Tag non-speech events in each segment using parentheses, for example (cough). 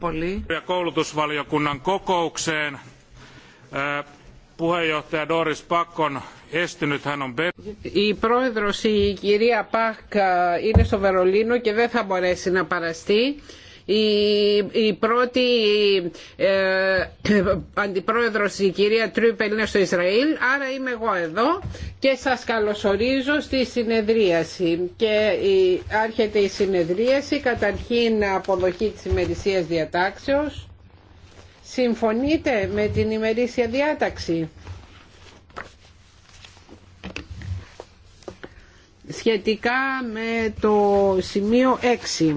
πολύ. Η πρόεδρος, η κυρία Πακ, είναι στο Βερολίνο και δεν θα μπορέσει να παραστεί. Η πρώτη ε, αντιπρόεδρος η κυρία Τρίπελ είναι στο Ισραήλ άρα είμαι εγώ εδώ και σας καλωσορίζω στη συνεδρίαση και άρχεται η συνεδρίαση καταρχήν αποδοχή της ημερησίας διατάξεως συμφωνείτε με την ημερήσια διάταξη σχετικά με το σημείο 6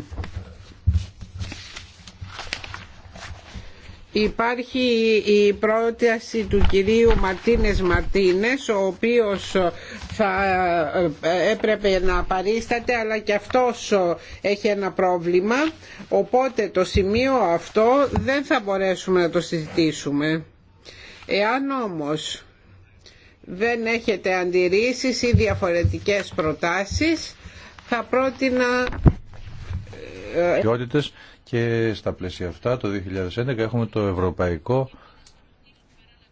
Υπάρχει η πρόταση του κυρίου Μαρτίνες Μαρτίνες ο οποίος θα ε, έπρεπε να παρίσταται αλλά και αυτός έχει ένα πρόβλημα οπότε το σημείο αυτό δεν θα μπορέσουμε να το συζητήσουμε. Εάν όμως δεν έχετε αντιρρήσεις ή διαφορετικές προτάσεις θα πρότεινα... Ε, και στα πλαίσια αυτά το 2011 έχουμε το Ευρωπαϊκό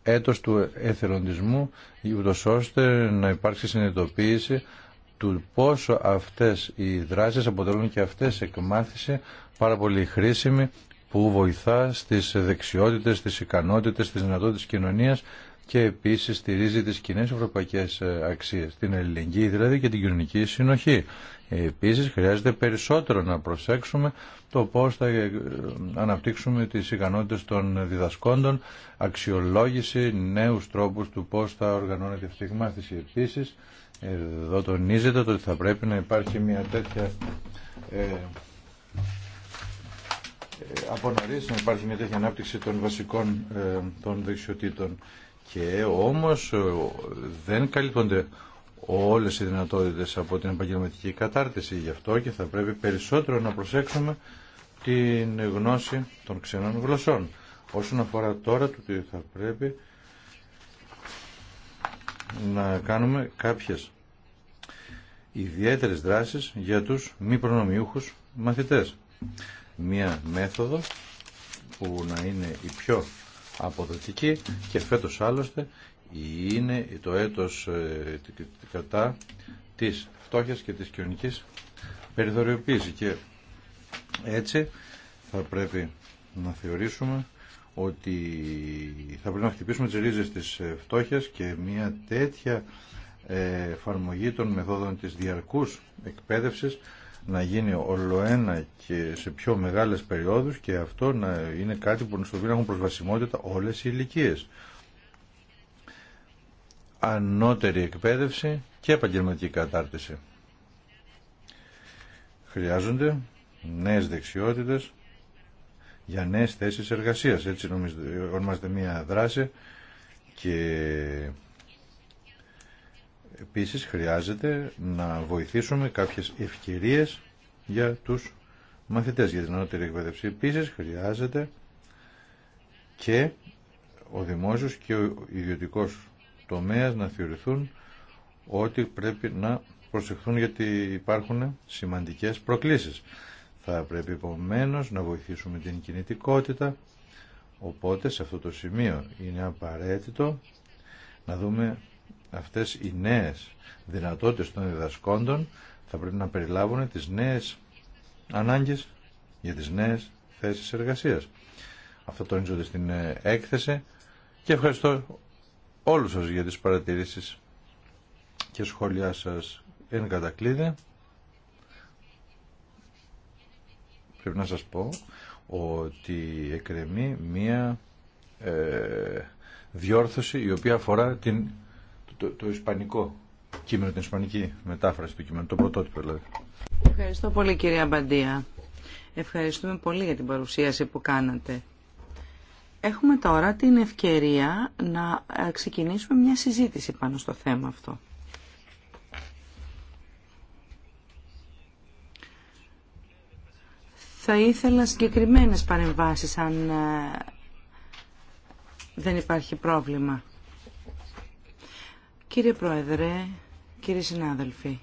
Έτος του Εθελοντισμού ούτως ώστε να υπάρξει συνειδητοποίηση του πόσο αυτές οι δράσεις αποτελούν και αυτές εκμάθηση πάρα πολύ χρήσιμη που βοηθά στις δεξιότητες, στις ικανότητες, στις δυνατότητες κοινωνίας και επίσης στηρίζει τις κοινέ ευρωπαϊκές ε, αξίες, την ελληνική δηλαδή και την κοινωνική συνοχή. Επίσης χρειάζεται περισσότερο να προσέξουμε το πώς θα ε, ε, αναπτύξουμε τις ικανότητες των διδασκόντων, αξιολόγηση, νέους τρόπους του πώς θα οργανώνεται αυτή η μάθηση. Επίσης εδώ τονίζεται ότι θα πρέπει να υπάρχει μια τέτοια ε, από να υπάρχει μια τέτοια ανάπτυξη των βασικών των δεξιοτήτων και όμως ε, δεν καλύπτονται όλες οι δυνατότητες από την επαγγελματική κατάρτιση γι' αυτό και θα πρέπει περισσότερο να προσέξουμε την γνώση των ξένων γλωσσών όσον αφορά τώρα το ότι θα πρέπει να κάνουμε κάποιες ιδιαίτερες δράσεις για τους μη προνομιούχους μαθητές μία μέθοδο που να είναι η πιο αποδοτική και φέτος άλλωστε είναι το έτος ε, κατά της φτώχειας και της κοινωνικής περιθωριοποίησης και έτσι θα πρέπει να θεωρήσουμε ότι θα πρέπει να χτυπήσουμε τις ρίζες της ε, φτώχειας και μια τέτοια ε, εφαρμογή των μεθόδων της διαρκούς εκπαίδευσης να γίνει ολοένα και σε πιο μεγάλες περιόδους και αυτό να είναι κάτι που στο οποίο έχουν προσβασιμότητα όλες οι ηλικίε. Ανώτερη εκπαίδευση και επαγγελματική κατάρτιση. Χρειάζονται νέες δεξιότητες για νέες θέσεις εργασίας. Έτσι νομίζω ονομάζεται μία δράση και Επίσης χρειάζεται να βοηθήσουμε κάποιες ευκαιρίες για τους μαθητές για την ανώτερη εκπαίδευση. Επίσης χρειάζεται και ο δημόσιος και ο ιδιωτικός τομέας να θεωρηθούν ότι πρέπει να προσεχθούν γιατί υπάρχουν σημαντικές προκλήσεις. Θα πρέπει επομένω να βοηθήσουμε την κινητικότητα, οπότε σε αυτό το σημείο είναι απαραίτητο να δούμε αυτές οι νέες δυνατότητες των διδασκόντων θα πρέπει να περιλάβουν τις νέες ανάγκες για τις νέες θέσεις εργασίας. Αυτό τονίζονται στην ε, έκθεση και ευχαριστώ όλους σας για τις παρατηρήσεις και σχόλιά σας εν κατακλείδε. Πρέπει να σας πω ότι εκρεμεί μία ε, διόρθωση η οποία αφορά την το, ισπανικό κείμενο, την ισπανική μετάφραση του κείμενου, το πρωτότυπο δηλαδή. Ευχαριστώ πολύ κυρία Μπαντία. Ευχαριστούμε πολύ για την παρουσίαση που κάνατε. Έχουμε τώρα την ευκαιρία να ε, ξεκινήσουμε μια συζήτηση πάνω στο θέμα αυτό. Θα ήθελα συγκεκριμένες παρεμβάσεις αν ε, δεν υπάρχει πρόβλημα. Κύριε Πρόεδρε, κύριοι συνάδελφοι.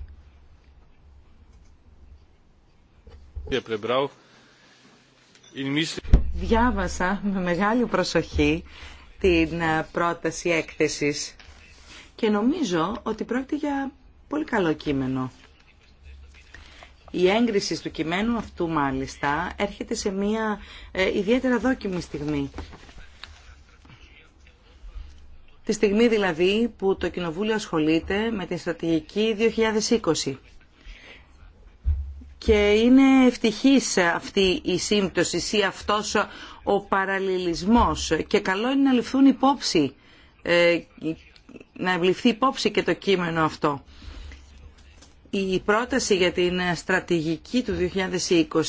Διάβασα με μεγάλη προσοχή την ε, πρόταση έκθεσης και νομίζω ότι πρόκειται για πολύ καλό κείμενο. Η έγκριση του κειμένου αυτού μάλιστα έρχεται σε μια ε, ιδιαίτερα δόκιμη στιγμή τη στιγμή δηλαδή που το Κοινοβούλιο ασχολείται με την στρατηγική 2020. Και είναι ευτυχής αυτή η σύμπτωση ή αυτός ο παραλληλισμός και καλό είναι να ληφθούν υπόψη, ε, να ληφθεί υπόψη και το κείμενο αυτό. Η πρόταση για την στρατηγική του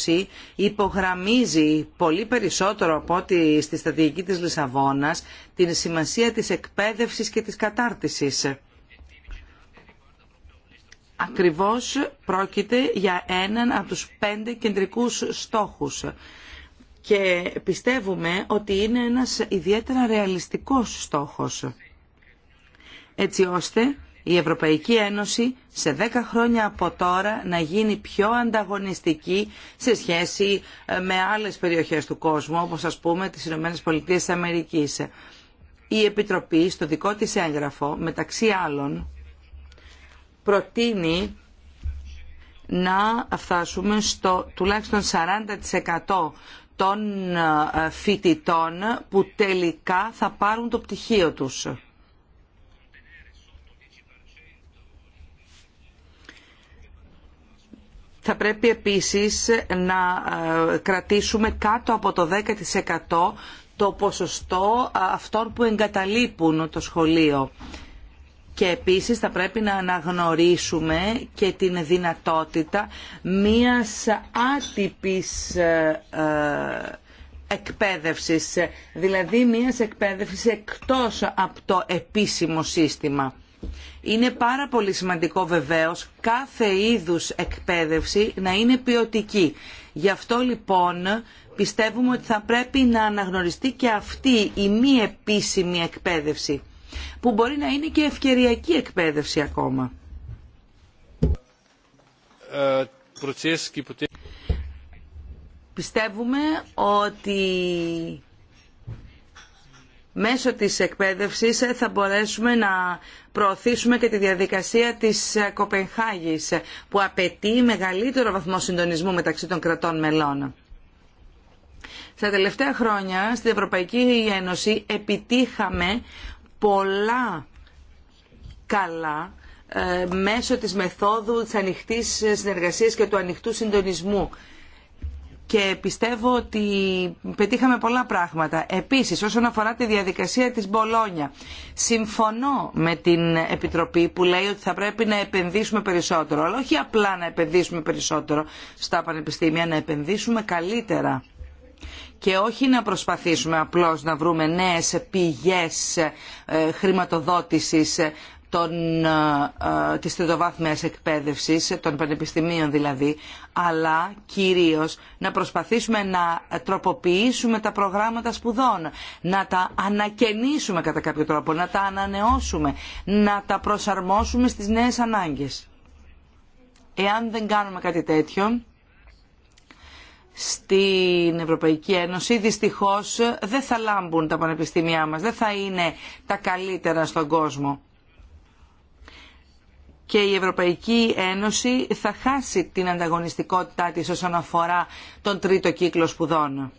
2020 υπογραμμίζει πολύ περισσότερο από ό,τι στη στρατηγική της Λισαβόνας την σημασία της εκπαίδευσης και της κατάρτισης. Ακριβώς πρόκειται για έναν από τους πέντε κεντρικούς στόχους και πιστεύουμε ότι είναι ένας ιδιαίτερα ρεαλιστικός στόχος έτσι ώστε η Ευρωπαϊκή Ένωση σε 10 χρόνια από τώρα να γίνει πιο ανταγωνιστική σε σχέση ε, με άλλες περιοχές του κόσμου, όπως ας πούμε τις Ηνωμένες Πολιτείες Αμερικής. Η Επιτροπή στο δικό της έγγραφο, μεταξύ άλλων, προτείνει να φτάσουμε στο τουλάχιστον 40% των ε, φοιτητών που τελικά θα πάρουν το πτυχίο τους. Θα πρέπει επίσης να ε, κρατήσουμε κάτω από το 10% το ποσοστό ε, αυτών που εγκαταλείπουν το σχολείο. Και επίσης θα πρέπει να αναγνωρίσουμε και την δυνατότητα μίας άτυπης ε, εκπαίδευσης, δηλαδή μίας εκπαίδευσης εκτός από το επίσημο σύστημα. Είναι πάρα πολύ σημαντικό βεβαίως κάθε είδους εκπαίδευση να είναι ποιοτική. Γι' αυτό λοιπόν πιστεύουμε ότι θα πρέπει να αναγνωριστεί και αυτή η μη επίσημη εκπαίδευση που μπορεί να είναι και ευκαιριακή εκπαίδευση ακόμα. Ε, πιστεύουμε ότι μέσω της εκπαίδευσης θα μπορέσουμε να προωθήσουμε και τη διαδικασία της Κοπενχάγης που απαιτεί μεγαλύτερο βαθμό συντονισμού μεταξύ των κρατών μελών. Στα τελευταία χρόνια στην Ευρωπαϊκή Ένωση επιτύχαμε πολλά καλά ε, μέσω της μεθόδου της ανοιχτής συνεργασίας και του ανοιχτού συντονισμού και πιστεύω ότι πετύχαμε πολλά πράγματα. Επίσης, όσον αφορά τη διαδικασία της Μπολόνια, συμφωνώ με την Επιτροπή που λέει ότι θα πρέπει να επενδύσουμε περισσότερο, αλλά όχι απλά να επενδύσουμε περισσότερο στα πανεπιστήμια, να επενδύσουμε καλύτερα και όχι να προσπαθήσουμε απλώς να βρούμε νέες πηγές ε, χρηματοδότησης ε, των, ε, ε της τριτοβάθμιας εκπαίδευσης, των πανεπιστημίων δηλαδή, αλλά κυρίως να προσπαθήσουμε να τροποποιήσουμε τα προγράμματα σπουδών, να τα ανακαινήσουμε κατά κάποιο τρόπο, να τα ανανεώσουμε, να τα προσαρμόσουμε στις νέες ανάγκες. Εάν δεν κάνουμε κάτι τέτοιο, στην Ευρωπαϊκή Ένωση δυστυχώς δεν θα λάμπουν τα πανεπιστήμια μας, δεν θα είναι τα καλύτερα στον κόσμο και η Ευρωπαϊκή Ένωση θα χάσει την ανταγωνιστικότητά της όσον αφορά τον τρίτο κύκλο σπουδών.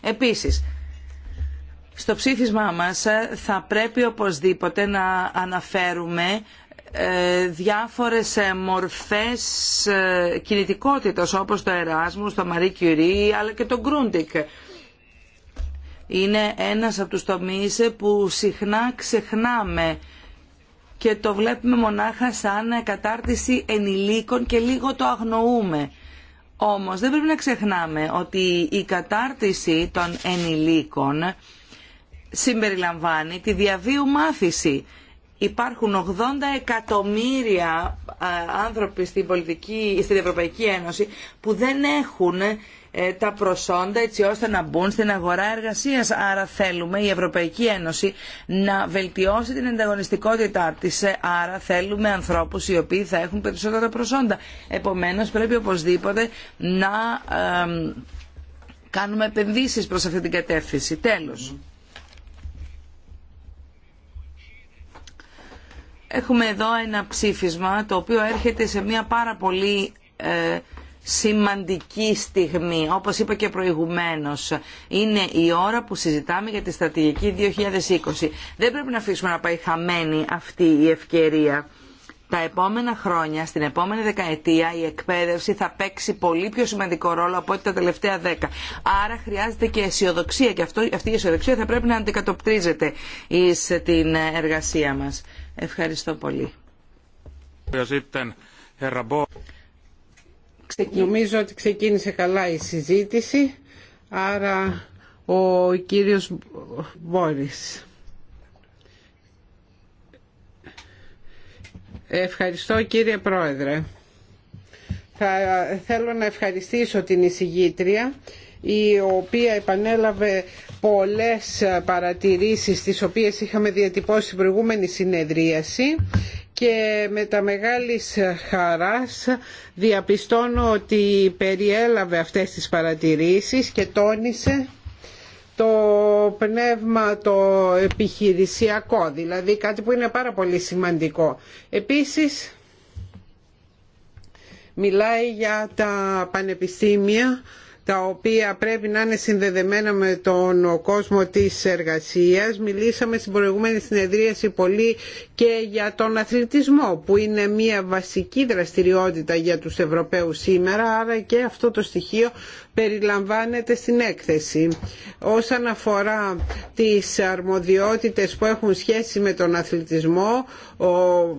Επίσης, στο ψήφισμά μας θα πρέπει οπωσδήποτε να αναφέρουμε ε, διάφορες ε, μορφές ε, κινητικότητας όπως το Εράσμους, το Marie Curie αλλά και το Grundig. Είναι ένας από τους τομείς που συχνά ξεχνάμε και το βλέπουμε μονάχα σαν κατάρτιση ενηλίκων και λίγο το αγνοούμε. Όμως δεν πρέπει να ξεχνάμε ότι η κατάρτιση των ενηλίκων συμπεριλαμβάνει τη διαβίου μάθηση. Υπάρχουν 80 εκατομμύρια άνθρωποι στην, πολιτική, στην Ευρωπαϊκή Ένωση που δεν έχουν ε, τα προσόντα έτσι ώστε να μπουν στην αγορά εργασίας. Άρα θέλουμε η Ευρωπαϊκή Ένωση να βελτιώσει την ανταγωνιστικότητά της. Ε, άρα θέλουμε ανθρώπους οι οποίοι θα έχουν περισσότερα προσόντα. Επομένως πρέπει οπωσδήποτε να κάνουμε επενδύσεις προς αυτή την κατεύθυνση. Τέλος. Έχουμε εδώ ένα ψήφισμα το οποίο έρχεται σε μια πάρα πολύ ε, σημαντική στιγμή. Όπως είπα και προηγουμένως, είναι η ώρα που συζητάμε για τη στρατηγική 2020. Δεν πρέπει να αφήσουμε να πάει χαμένη αυτή η ευκαιρία. Τα επόμενα χρόνια, στην επόμενη δεκαετία, η εκπαίδευση θα παίξει πολύ πιο σημαντικό ρόλο από ό,τι τα τελευταία δέκα. Άρα χρειάζεται και αισιοδοξία και αυτό, αυτή η αισιοδοξία θα πρέπει να αντικατοπτρίζεται εις την εργασία μας. Ευχαριστώ πολύ. Νομίζω ότι ξεκίνησε καλά η συζήτηση, άρα ο κύριος Μπόρις. Ευχαριστώ κύριε Πρόεδρε. Θα θέλω να ευχαριστήσω την εισηγήτρια η οποία επανέλαβε πολλές παρατηρήσεις τις οποίες είχαμε διατυπώσει στην προηγούμενη συνεδρίαση και με τα μεγάλης χαράς διαπιστώνω ότι περιέλαβε αυτές τις παρατηρήσεις και τόνισε το πνεύμα το επιχειρησιακό, δηλαδή κάτι που είναι πάρα πολύ σημαντικό. Επίσης, μιλάει για τα πανεπιστήμια τα οποία πρέπει να είναι συνδεδεμένα με τον κόσμο της εργασίας. Μιλήσαμε στην προηγούμενη συνεδρίαση πολύ και για τον αθλητισμό που είναι μια βασική δραστηριότητα για τους Ευρωπαίους σήμερα άρα και αυτό το στοιχείο περιλαμβάνεται στην έκθεση. Όσον αφορά τις αρμοδιότητες που έχουν σχέση με τον αθλητισμό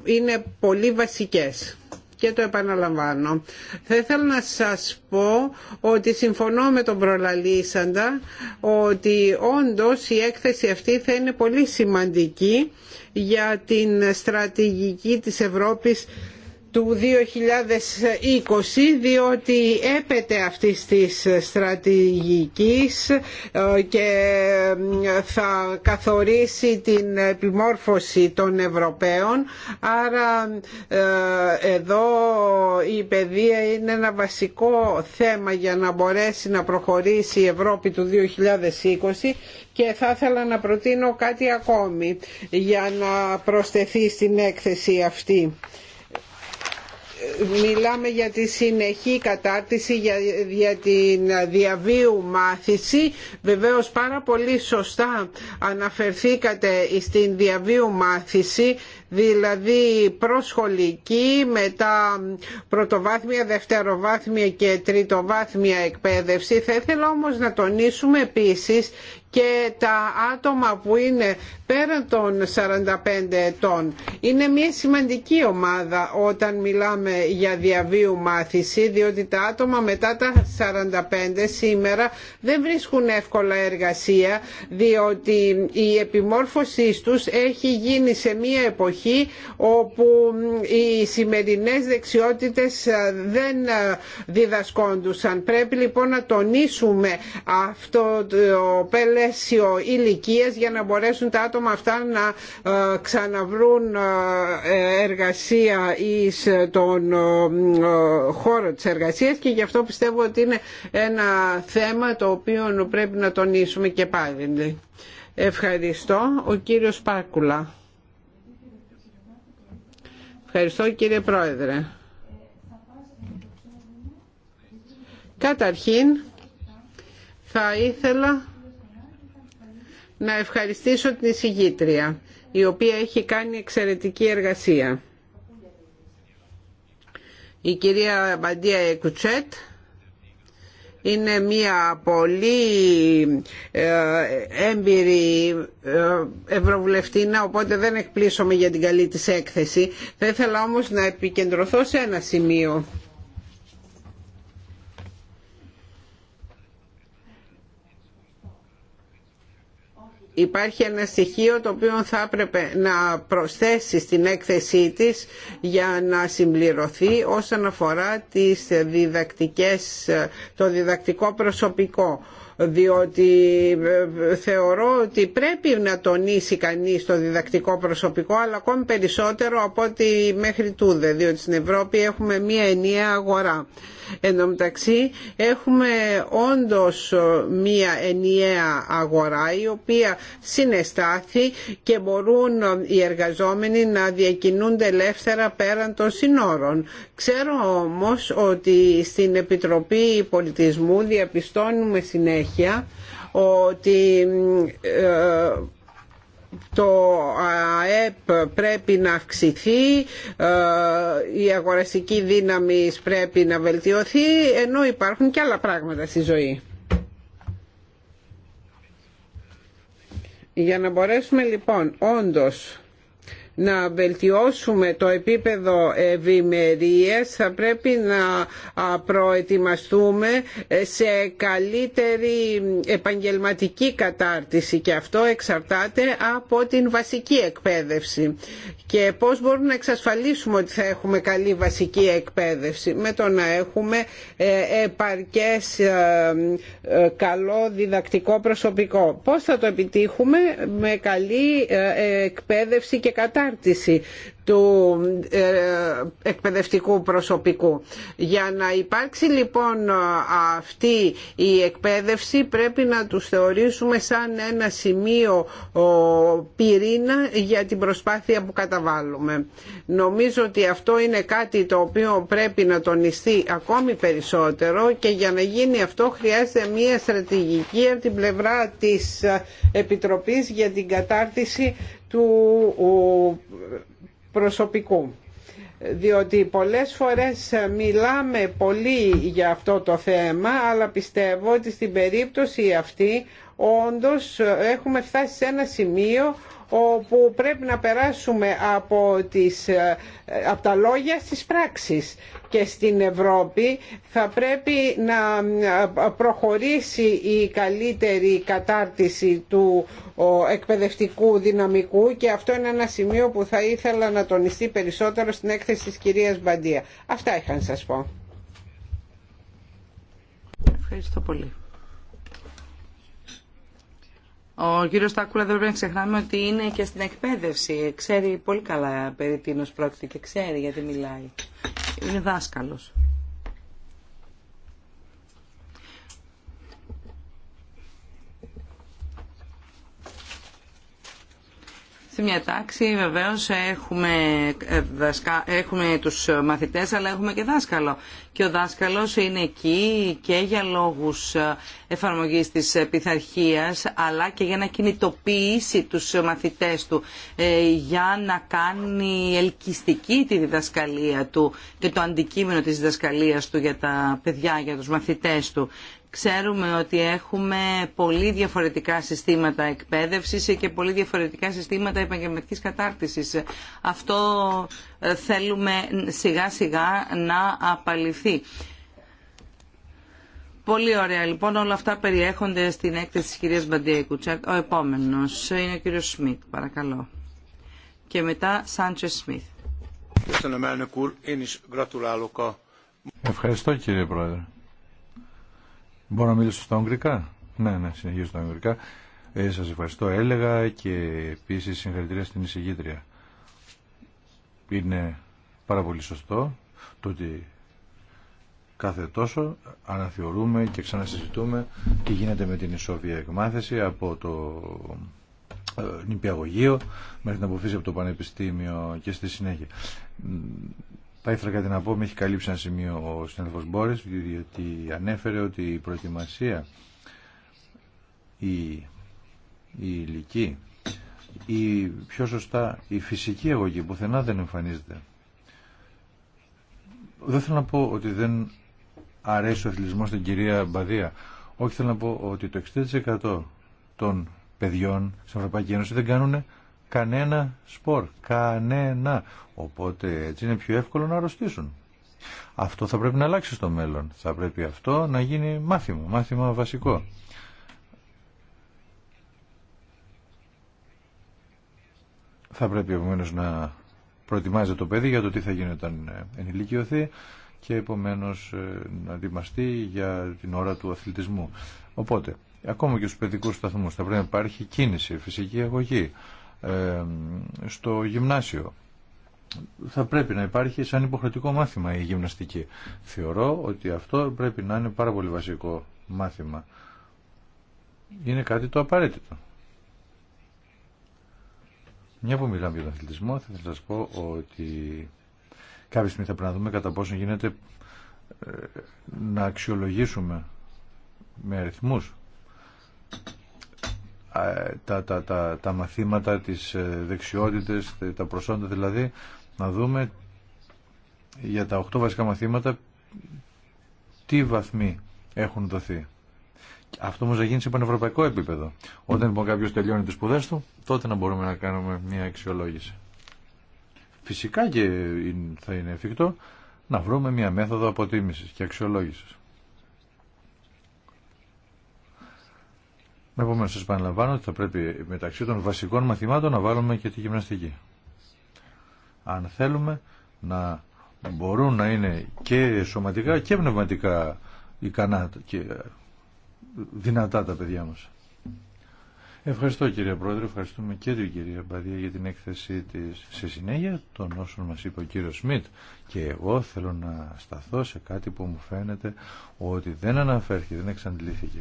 είναι πολύ βασικές και το επαναλαμβάνω. Θα ήθελα να σας πω ότι συμφωνώ με τον προλαλήσαντα ότι όντως η έκθεση αυτή θα είναι πολύ σημαντική για την στρατηγική της Ευρώπης του 2020 διότι έπεται αυτής της στρατηγικής ε, και ε, θα καθορίσει την επιμόρφωση των Ευρωπαίων άρα ε, εδώ η παιδεία είναι ένα βασικό θέμα για να μπορέσει να προχωρήσει η Ευρώπη του 2020 και θα ήθελα να προτείνω κάτι ακόμη για να προσθεθεί στην έκθεση αυτή μιλάμε για τη συνεχή κατάρτιση, για, για την διαβίου μάθηση. Βεβαίως πάρα πολύ σωστά αναφερθήκατε στην διαβίου μάθηση δηλαδή προσχολική μετά πρωτοβάθμια, δευτεροβάθμια και τριτοβάθμια εκπαίδευση. Θα ήθελα όμως να τονίσουμε επίσης και τα άτομα που είναι πέραν των 45 ετών. Είναι μια σημαντική ομάδα όταν μιλάμε για διαβίου μάθηση, διότι τα άτομα μετά τα 45 σήμερα δεν βρίσκουν εύκολα εργασία, διότι η επιμόρφωσή τους έχει γίνει σε μια εποχή όπου οι σημερινές δεξιότητες δεν διδασκόντουσαν. Πρέπει λοιπόν να τονίσουμε αυτό το πέλεσιο ηλικία για να μπορέσουν τα άτομα αυτά να ε, ξαναβρούν ε, εργασία ή τον ε, χώρο της εργασίας και γι' αυτό πιστεύω ότι είναι ένα θέμα το οποίο πρέπει να τονίσουμε και πάλι. Ευχαριστώ. Ο κύριος Πάκουλα. Ευχαριστώ κύριε Πρόεδρε. Καταρχήν θα ήθελα να ευχαριστήσω την εισηγήτρια η οποία έχει κάνει εξαιρετική εργασία. Η κυρία Μπαντία Εκουτσέτ είναι μια πολύ ε, έμπειρη ε, ευρωβουλευτήνα οπότε δεν εκπλήσωμαι για την καλή της έκθεση. Θα ήθελα όμως να επικεντρωθώ σε ένα σημείο Υπάρχει ένα στοιχείο το οποίο θα έπρεπε να προσθέσει στην έκθεσή της για να συμπληρωθεί όσον αφορά τις διδακτικές, το διδακτικό προσωπικό διότι ε, ε, θεωρώ ότι πρέπει να τονίσει κανείς το διδακτικό προσωπικό αλλά ακόμη περισσότερο από ότι μέχρι τούδε διότι στην Ευρώπη έχουμε μία ενιαία αγορά. Εν τω μεταξύ έχουμε όντως μία ενιαία αγορά η οποία συναισθάθη και μπορούν οι εργαζόμενοι να διακινούνται ελεύθερα πέραν των συνόρων. Ξέρω όμως ότι στην Επιτροπή Πολιτισμού διαπιστώνουμε συνέχεια συνέχεια ότι ε, το ΑΕΠ πρέπει να αυξηθεί, ε, η αγοραστική δύναμη πρέπει να βελτιωθεί, ενώ υπάρχουν και άλλα πράγματα στη ζωή. Για να μπορέσουμε λοιπόν όντως να βελτιώσουμε το επίπεδο ευημερία θα πρέπει να προετοιμαστούμε ε, σε καλύτερη επαγγελματική κατάρτιση και αυτό εξαρτάται από την βασική εκπαίδευση και πώς μπορούμε να εξασφαλίσουμε ότι θα έχουμε καλή βασική εκπαίδευση με το να έχουμε ε, επαρκές ε, καλό διδακτικό προσωπικό. Πώς θα το επιτύχουμε με καλή εκπαίδευση και κατάρτιση του ε, εκπαιδευτικού προσωπικού. Για να υπάρξει λοιπόν αυτή η εκπαίδευση πρέπει να τους θεωρήσουμε σαν ένα σημείο πυρήνα για την προσπάθεια που καταβάλουμε. Νομίζω ότι αυτό είναι κάτι το οποίο πρέπει να τονιστεί ακόμη περισσότερο και για να γίνει αυτό χρειάζεται μια στρατηγική από την πλευρά της ε, Επιτροπής για την κατάρτιση του προσωπικού διότι πολλές φορές μιλάμε πολύ για αυτό το θέμα αλλά πιστεύω ότι στην περίπτωση αυτή όντως έχουμε φτάσει σε ένα σημείο όπου πρέπει να περάσουμε από, τις, ε, από τα λόγια στις πράξεις και στην Ευρώπη θα πρέπει να ε, προχωρήσει η καλύτερη κατάρτιση του εκπαιδευτικού δυναμικού και αυτό είναι ένα σημείο που θα ήθελα να τονιστεί περισσότερο στην έκθεση της κυρίας Μπαντία. Αυτά είχα να σας πω. Ευχαριστώ πολύ. Ο κύριο Τάκουλα δεν πρέπει να ξεχνάμε ότι είναι και στην εκπαίδευση. Ξέρει πολύ καλά περί τίνο πρόκειται και ξέρει γιατί μιλάει. Είναι δάσκαλο. Σε μια τάξη βεβαίως έχουμε, ε, δασκα... έχουμε τους μαθητές αλλά έχουμε και δάσκαλο. Και ο δάσκαλος είναι εκεί και για λόγους ε, εφαρμογής της πειθαρχία, αλλά και για να κινητοποιήσει τους μαθητές του, ε, για να κάνει ελκυστική τη διδασκαλία του και το αντικείμενο της διδασκαλίας του για τα παιδιά, για τους μαθητές του. Ξέρουμε ότι έχουμε πολύ διαφορετικά συστήματα εκπαίδευσης και πολύ διαφορετικά συστήματα επαγγελματικής κατάρτισης. Αυτό ε, θέλουμε σιγά σιγά να απαλληθεί. Πολύ ωραία λοιπόν, όλα αυτά περιέχονται στην έκθεση της κυρίας Μπαντία Ο επόμενος είναι ο κύριος Σμιτ, παρακαλώ. Και μετά Σάντσε Σμιτ. Ευχαριστώ κύριε Πρόεδρε. Μπορώ να μιλήσω στα Ουγγρικά. Ναι, ναι, συνεχίζω στα Ουγγρικά. Ε, σας ευχαριστώ, έλεγα και επίσης συγχαρητήρια στην εισηγήτρια. Είναι πάρα πολύ σωστό το ότι κάθε τόσο αναθεωρούμε και ξανασυζητούμε τι γίνεται με την ισόβια εκμάθηση από το ε, νηπιαγωγείο μέχρι την αποφύση από το πανεπιστήμιο και στη συνέχεια. Θα ήθελα κάτι να πω, με έχει καλύψει ένα σημείο ο συνάδελφος Μπόρε, διότι ανέφερε ότι η προετοιμασία, η, η ηλική, η πιο σωστά η φυσική αγωγή πουθενά δεν εμφανίζεται. Δεν θέλω να πω ότι δεν αρέσει ο αθλητισμός στην κυρία Μπαδία. Όχι θέλω να πω ότι το 60% των παιδιών στην Ευρωπαϊκή Ένωση δεν κάνουν κανένα σπορ, κανένα. Οπότε έτσι είναι πιο εύκολο να αρρωστήσουν. Αυτό θα πρέπει να αλλάξει στο μέλλον. Θα πρέπει αυτό να γίνει μάθημα, μάθημα βασικό. Θα πρέπει επομένως να προετοιμάζεται το παιδί για το τι θα γίνει όταν ε, ενηλικιωθεί και επομένως ε, να ετοιμαστεί για την ώρα του αθλητισμού. Οπότε, ακόμα και στους παιδικούς σταθμούς θα πρέπει να υπάρχει κίνηση, φυσική αγωγή. Ε, στο γυμνάσιο. Θα πρέπει να υπάρχει σαν υποχρεωτικό μάθημα η γυμναστική. Θεωρώ ότι αυτό πρέπει να είναι πάρα πολύ βασικό μάθημα. Είναι κάτι το απαραίτητο. Μια που μιλάμε για τον αθλητισμό, θα σας πω ότι κάποια στιγμή θα πρέπει να δούμε κατά πόσο γίνεται ε, να αξιολογήσουμε με αριθμούς τα, τα, τα, τα μαθήματα, τις ε, δεξιότητες, τα προσόντα δηλαδή, να δούμε για τα 8 βασικά μαθήματα τι βαθμοί έχουν δοθεί. Αυτό όμω θα γίνει σε πανευρωπαϊκό επίπεδο. Όταν λοιπόν κάποιο τελειώνει τι σπουδέ του, τότε να μπορούμε να κάνουμε μια αξιολόγηση. Φυσικά και θα είναι εφικτό να βρούμε μια μέθοδο αποτίμηση και αξιολόγηση. Επομένω, σα επαναλαμβάνω ότι θα πρέπει μεταξύ των βασικών μαθημάτων να βάλουμε και τη γυμναστική. Αν θέλουμε να μπορούν να είναι και σωματικά και πνευματικά ικανά και δυνατά τα παιδιά μα. Ευχαριστώ κύριε Πρόεδρε, ευχαριστούμε και την κυρία Μπαδία για την έκθεσή της σε συνέχεια των όσων μας είπε ο κύριος Σμιτ και εγώ θέλω να σταθώ σε κάτι που μου φαίνεται ότι δεν αναφέρθηκε, δεν εξαντλήθηκε.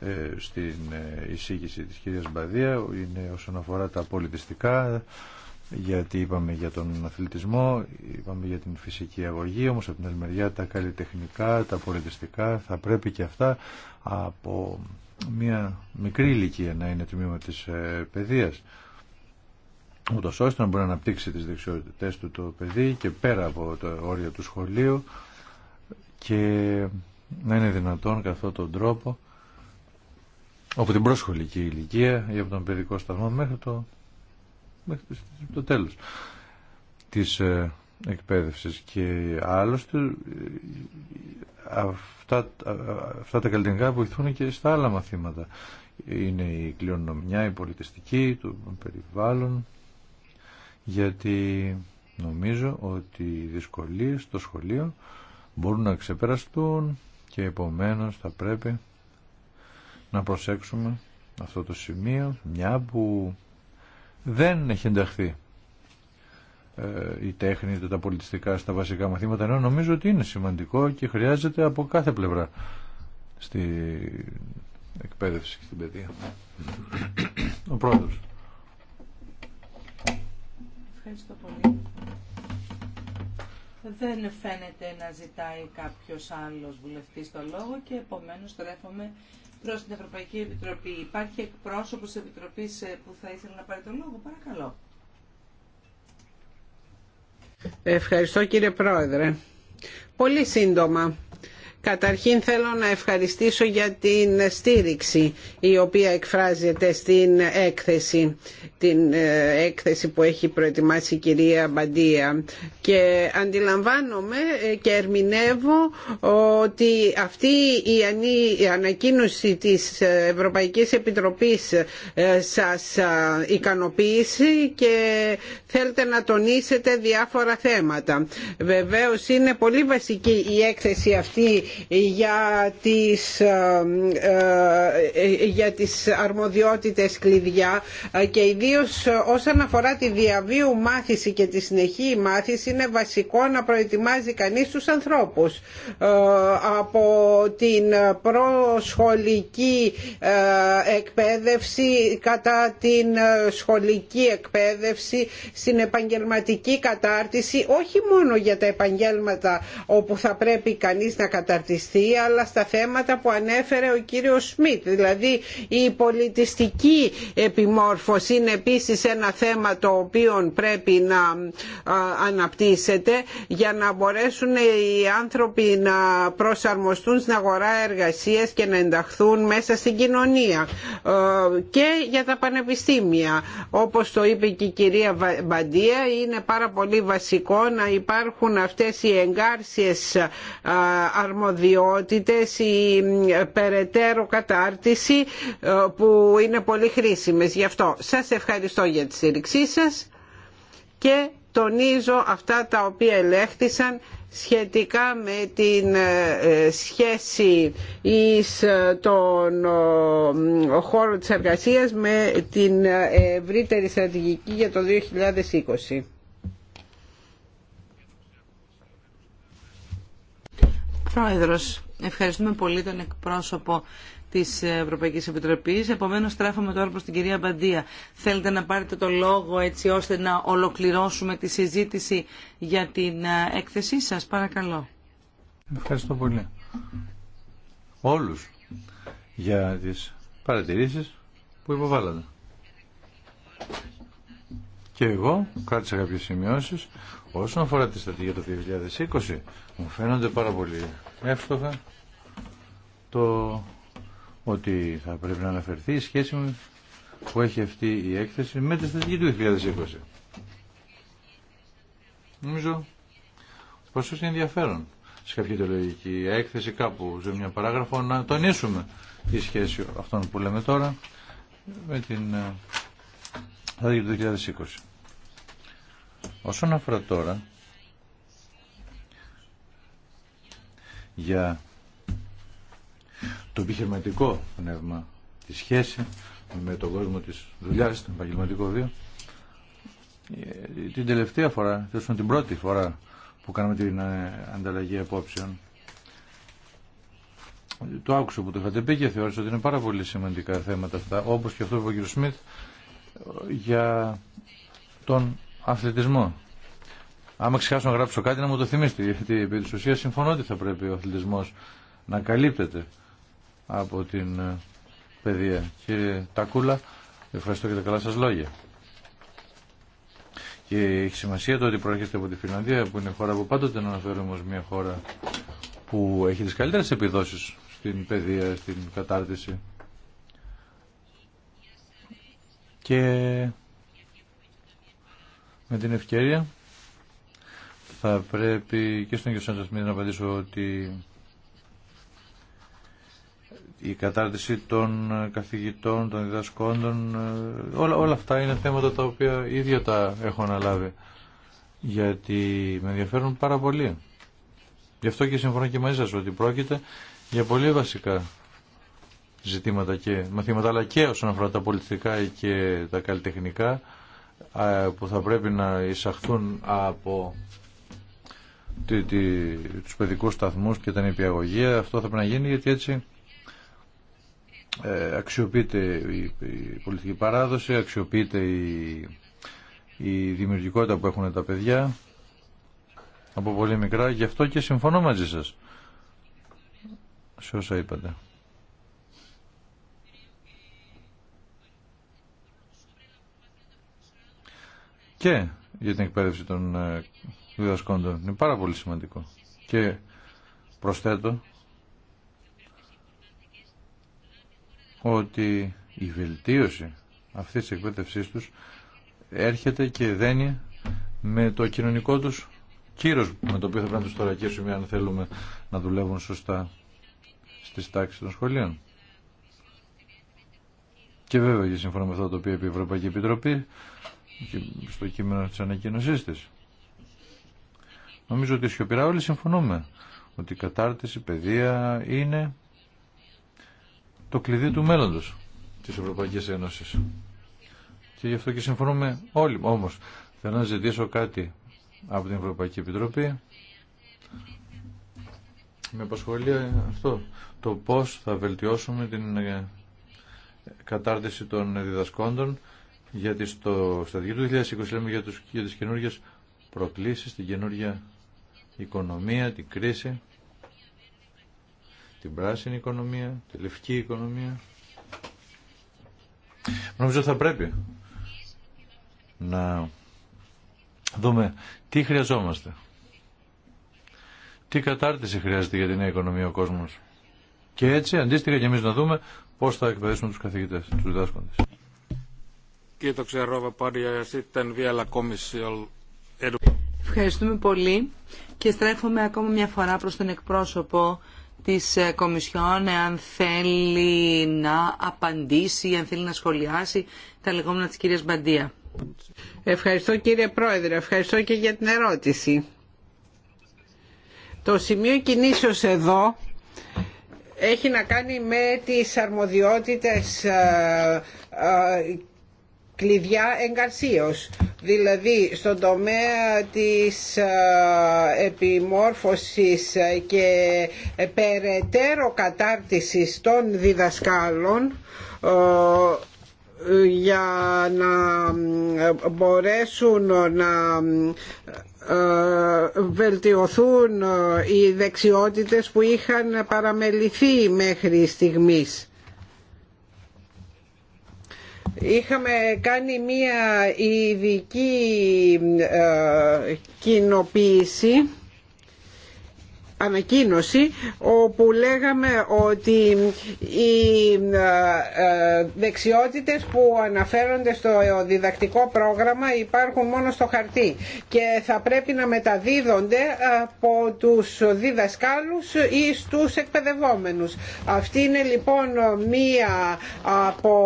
Ε, στην ε, εισήγηση της κυρίας Μπαδία είναι όσον αφορά τα πολιτιστικά γιατί είπαμε για τον αθλητισμό, είπαμε για την φυσική αγωγή, όμως από την άλλη μεριά τα καλλιτεχνικά, τα πολιτιστικά θα πρέπει και αυτά από μια μικρή ηλικία να είναι τμήμα της ε, παιδείας ούτως ώστε να μπορεί να αναπτύξει τις δεξιότητες του το παιδί και πέρα από το όριο του σχολείου και να είναι δυνατόν καθόλου τον τρόπο από την προσχολική ηλικία ή από τον παιδικό σταθμό μέχρι το, μέχρι το τέλος της ε, εκπαίδευσης και άλλωστε ε, αυτά, ε, αυτά τα καλλιτεχνικά βοηθούν και στα άλλα μαθήματα είναι η κληρονομιά, η πολιτιστική, το περιβάλλον γιατί νομίζω ότι οι δυσκολίες στο σχολείο μπορούν να ξεπεραστούν και επομένως θα πρέπει να προσέξουμε αυτό το σημείο, μια που δεν έχει ενταχθεί ε, η τέχνη, τα πολιτιστικά στα βασικά μαθήματα, ενώ νομίζω ότι είναι σημαντικό και χρειάζεται από κάθε πλευρά στη εκπαίδευση και στην παιδεία. Ο πρόεδρος. Ευχαριστώ πολύ. Δεν φαίνεται να ζητάει κάποιος άλλος βουλευτής το λόγο και επομένως τρέφομαι προς την Ευρωπαϊκή Επιτροπή. Υπάρχει πρόσωπος της Επιτροπής ε, που θα ήθελε να πάρει τον λόγο. Παρακαλώ. Ευχαριστώ κύριε Πρόεδρε. Πολύ σύντομα. Καταρχήν θέλω να ευχαριστήσω για την στήριξη η οποία εκφράζεται στην έκθεση, την ε, έκθεση που έχει προετοιμάσει η κυρία Μπαντία και αντιλαμβάνομαι και ερμηνεύω ότι αυτή η ανακοίνωση της Ευρωπαϊκής Επιτροπής ε, σας ε, ικανοποίησε και θέλετε να τονίσετε διάφορα θέματα. Βεβαίως είναι πολύ βασική η έκθεση αυτή για τις, ε, ε, για τις αρμοδιότητες κλειδιά ε, και ιδίως όσον αφορά τη διαβίου μάθηση και τη συνεχή μάθηση είναι βασικό να προετοιμάζει κανείς τους ανθρώπους από την προσχολική εκπαίδευση κατά την σχολική εκπαίδευση στην επαγγελματική κατάρτιση όχι μόνο για τα επαγγέλματα όπου θα πρέπει κανείς να καταρτήσει αλλά στα θέματα που ανέφερε ο κύριος Σμιτ. Δηλαδή η πολιτιστική επιμόρφωση είναι επίσης ένα θέμα το οποίο πρέπει να αναπτύσσεται για να μπορέσουν οι άνθρωποι να προσαρμοστούν στην αγορά εργασίας και να ενταχθούν μέσα στην κοινωνία ε, και για τα πανεπιστήμια. Όπως το είπε και η κυρία Μπαντία είναι πάρα πολύ βασικό να υπάρχουν αυτές οι εγκάρσιες αρμοδιότητες αρμοδιότητες, η περαιτέρω κατάρτιση ε, που είναι πολύ χρήσιμες. Γι' αυτό σας ευχαριστώ για τη στήριξή σας και τονίζω αυτά τα οποία ελέγχθησαν σχετικά με την ε, ε, σχέση εις τον χώρο της εργασίας με την ευρύτερη στρατηγική για το 2020. Πρόεδρος, ευχαριστούμε πολύ τον εκπρόσωπο της Ευρωπαϊκής Επιτροπής. Επομένως, στρέφουμε τώρα προς την κυρία Μπαντία. Θέλετε να πάρετε το λόγο έτσι ώστε να ολοκληρώσουμε τη συζήτηση για την ε, έκθεσή σας. Παρακαλώ. Ευχαριστώ πολύ. Όλους για τις παρατηρήσεις που υποβάλλατε. Και εγώ κράτησα κάποιες σημειώσεις όσον αφορά τη στρατηγία το 2020. Μου φαίνονται πάρα πολύ εύστοχα το ότι θα πρέπει να αναφερθεί η σχέση μου που έχει αυτή η έκθεση με τη στρατηγική του 2020. Νομίζω πως είναι ενδιαφέρον σε κάποια ιδεολογική έκθεση κάπου σε μια παράγραφο να τονίσουμε τη σχέση αυτών που λέμε τώρα με την ε, θα δει το 2020. Όσον αφορά τώρα για το επιχειρηματικό πνεύμα, τη σχέση με τον κόσμο της δουλειάς, τον επαγγελματικό βίο, ε, την τελευταία φορά, τέλος την πρώτη φορά που κάναμε την ε, ανταλλαγή απόψεων, το άκουσα που το είχατε πει και θεώρησα ότι είναι πάρα πολύ σημαντικά θέματα αυτά, όπως και αυτό που είπε ο κ. Σμιθ για τον αθλητισμό. Άμα ξεχάσω να γράψω κάτι να μου το θυμίσετε, γιατί επί της ουσίας συμφωνώ ότι θα πρέπει ο αθλητισμός να καλύπτεται από την ε, παιδεία. Κύριε Τακούλα, ευχαριστώ για τα καλά σας λόγια. Και έχει σημασία το ότι προέρχεστε από τη Φιλανδία, που είναι χώρα που πάντοτε αναφέρουμε ως μια χώρα που έχει τις καλύτερες επιδόσεις στην παιδεία, στην κατάρτιση. και με την ευκαιρία θα πρέπει και στον κύριο Σάντζας να απαντήσω ότι η κατάρτιση των καθηγητών, των διδασκόντων, όλα, όλα αυτά είναι θέματα τα οποία ίδια τα έχω αναλάβει. Γιατί με ενδιαφέρουν πάρα πολύ. Γι' αυτό και συμφωνώ και μαζί σας ότι πρόκειται για πολύ βασικά ζητήματα και μαθήματα, αλλά και όσον αφορά τα πολιτικά και τα καλλιτεχνικά που θα πρέπει να εισαχθούν από τη, τη, τους παιδικούς σταθμούς και τα νηπιαγωγεία. Αυτό θα πρέπει να γίνει γιατί έτσι ε, αξιοποιείται η, η πολιτική παράδοση, αξιοποιείται η, η δημιουργικότητα που έχουν τα παιδιά από πολύ μικρά. Γι' αυτό και συμφωνώ μαζί σας σε όσα είπατε. και για την εκπαίδευση των ε, διδασκόντων. Είναι πάρα πολύ σημαντικό. Και προσθέτω ότι η βελτίωση αυτής της εκπαίδευσής τους έρχεται και δένει με το κοινωνικό τους κύρος με το οποίο θα πρέπει να τους θωρακίσουμε αν θέλουμε να δουλεύουν σωστά στις τάξεις των σχολείων. Και βέβαια και σύμφωνα με αυτό το οποίο είπε η Ευρωπαϊκή Επιτροπή στο κείμενο της ανακοίνωσής της. Νομίζω ότι σιωπηρά όλοι συμφωνούμε ότι η κατάρτιση, η παιδεία είναι το κλειδί του μέλλοντος της Ευρωπαϊκής Ένωσης. Και γι' αυτό και συμφωνούμε όλοι. Όμως θέλω να ζητήσω κάτι από την Ευρωπαϊκή Επιτροπή. Με απασχολεί αυτό. Το πώς θα βελτιώσουμε την ε, κατάρτιση των διδασκόντων γιατί στο στρατηγείο του 2020 λέμε για, τους, για τις καινούργιες προκλήσεις, την καινούργια οικονομία, την κρίση, την πράσινη οικονομία, τη λευκή οικονομία. Νομίζω θα πρέπει να δούμε τι χρειαζόμαστε. Τι κατάρτιση χρειάζεται για την νέα οικονομία ο κόσμος. Και έτσι αντίστοιχα και εμείς να δούμε πώς θα εκπαιδεύσουμε τους καθηγητές, τους διδάσκοντες. Ευχαριστούμε πολύ και στρέφουμε ακόμα μια φορά προς τον εκπρόσωπο της ε, Κομισιόν αν θέλει να απαντήσει, αν θέλει να σχολιάσει τα λεγόμενα της κυρίας Μπαντία. Ευχαριστώ κύριε Πρόεδρε, ευχαριστώ και για την ερώτηση. Το σημείο κινήσεως εδώ έχει να κάνει με τις αρμοδιότητες ε, ε, κλειδιά εγκαρσίως δηλαδή στον τομέα της ε, επιμόρφωσης ε, και ε, περαιτέρω κατάρτισης των διδασκάλων για να μπορέσουν να βελτιωθούν οι δεξιότητες που είχαν παραμεληθεί μέχρι στιγμής Είχαμε κάνει μία ειδική ε, κοινοποίηση ανακοίνωση όπου λέγαμε ότι οι ε, ε, δεξιότητες που αναφέρονται στο διδακτικό πρόγραμμα υπάρχουν μόνο στο χαρτί και θα πρέπει να μεταδίδονται από τους διδασκάλους ή στους εκπαιδευόμενους. Αυτή είναι λοιπόν μία από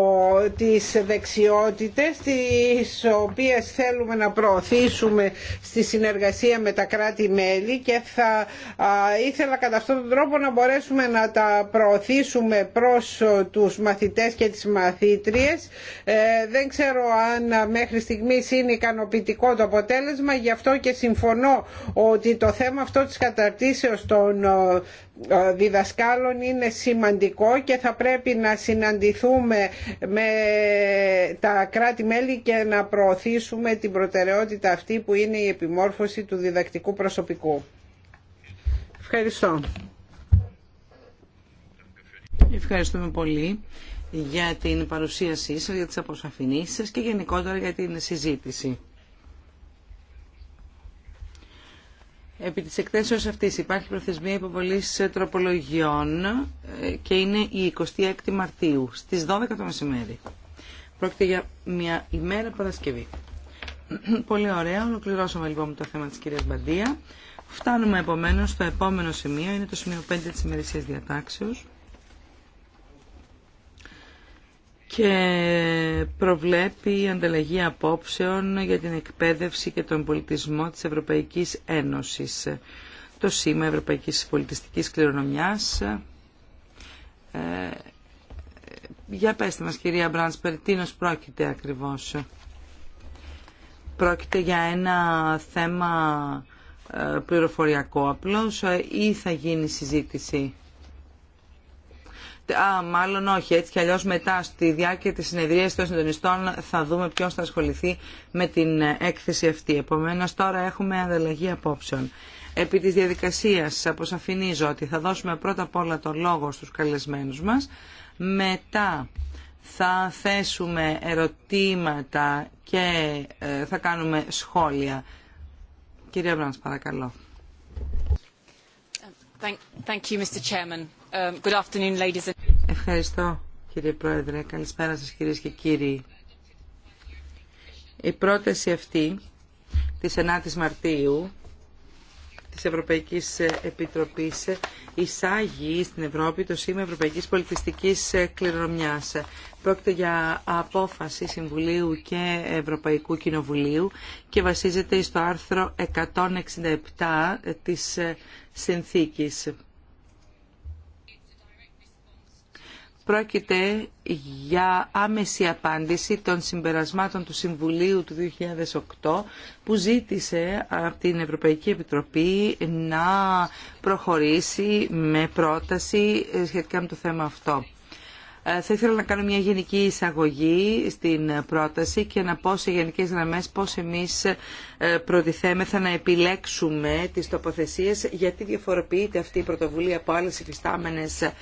τις δεξιότητες τις οποίες θέλουμε να προωθήσουμε στη συνεργασία με τα κράτη-μέλη και θα ήθελα κατά αυτόν τον τρόπο να μπορέσουμε να τα προωθήσουμε προς ε, τους μαθητές και τις μαθήτριες. Ε, δεν ξέρω αν ε, μέχρι στιγμής είναι ικανοποιητικό το αποτέλεσμα, γι' αυτό και συμφωνώ ότι το θέμα αυτό της καταρτήσεως των διδασκάλων είναι σημαντικό και θα πρέπει να συναντηθούμε με τα κράτη-μέλη και να προωθήσουμε την προτεραιότητα αυτή που είναι η επιμόρφωση του διδακτικού προσωπικού. Ευχαριστώ. Ευχαριστούμε πολύ για την παρουσίασή σας, για τις αποσαφηνήσεις σας και γενικότερα για την συζήτηση. Επί της εκτέσεως αυτής υπάρχει προθεσμία υποβολής τροπολογιών ε, και είναι η 26η Μαρτίου στις 12 το μεσημέρι. Πρόκειται για μια ημέρα Παρασκευή. (clears throat) Πολύ ωραία. Ολοκληρώσαμε λοιπόν το θέμα της κυρίας Μπαντία. Φτάνουμε επομένως στο επόμενο σημείο, είναι το σημείο 5 της ημερησίας διατάξεως. και προβλέπει η ανταλλαγή απόψεων για την εκπαίδευση και τον πολιτισμό της Ευρωπαϊκής Ένωσης. Το σήμα Ευρωπαϊκής Πολιτιστικής Κληρονομιάς. Ε, για πέστε μας κυρία Μπραντς, περί πρόκειται ακριβώς. Πρόκειται για ένα θέμα ε, πληροφοριακό απλώς ε, ή θα γίνει συζήτηση. Α, μάλλον όχι. Έτσι κι αλλιώς μετά στη διάρκεια της συνεδρίας των συντονιστών θα δούμε ποιος θα ασχοληθεί με την ε, έκθεση αυτή. Επομένως τώρα έχουμε ανταλλαγή απόψεων. Επί της διαδικασίας αποσαφηνίζω ότι θα δώσουμε πρώτα απ' όλα το λόγο στους καλεσμένους μας. Μετά θα θέσουμε ερωτήματα και θα κάνουμε σχόλια Κυρία Μπραντς, παρακαλώ. Um, Ευχαριστώ, κύριε Πρόεδρε. Καλησπέρα σας, κυρίες και κύριοι. Η πρόταση αυτή της 9ης Μαρτίου της Ευρωπαϊκής Επιτροπής εισάγει στην Ευρώπη το σήμα Ευρωπαϊκής Πολιτιστικής Κληρονομιάς. Πρόκειται για απόφαση Συμβουλίου και Ευρωπαϊκού Κοινοβουλίου και βασίζεται στο άρθρο 167 της Συνθήκης. Πρόκειται για άμεση απάντηση των συμπερασμάτων του Συμβουλίου του 2008 που ζήτησε από την Ευρωπαϊκή Επιτροπή να προχωρήσει με πρόταση σχετικά με το θέμα αυτό. Ε, θα ήθελα να κάνω μια γενική εισαγωγή στην πρόταση και να πω σε γενικές γραμμές πώς εμείς ε, προτιθέμεθα να επιλέξουμε τις τοποθεσίες γιατί διαφοροποιείται αυτή η πρωτοβουλία από άλλες υφιστάμενες ε,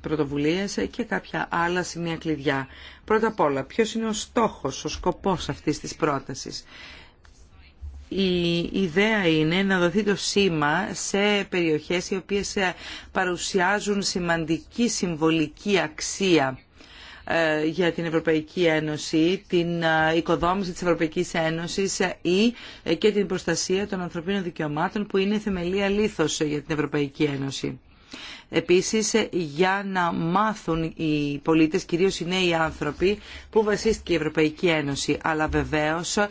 πρωτοβουλίες και κάποια άλλα σημεία κλειδιά. Πρώτα απ' όλα, ποιος είναι ο στόχος, ο σκοπός αυτής της πρότασης η ιδέα είναι να δοθεί το σήμα σε περιοχές οι οποίες ε, παρουσιάζουν σημαντική συμβολική αξία ε, για την Ευρωπαϊκή Ένωση, την ε, οικοδόμηση της Ευρωπαϊκής Ένωσης ή και την προστασία των ανθρωπίνων δικαιωμάτων που είναι θεμελία λήθος για την Ευρωπαϊκή Ένωση. Επίσης, για να μάθουν οι πολίτες, κυρίως οι νέοι άνθρωποι, που βασίστηκε η Ευρωπαϊκή Ένωση. Αλλά βεβαίως ε,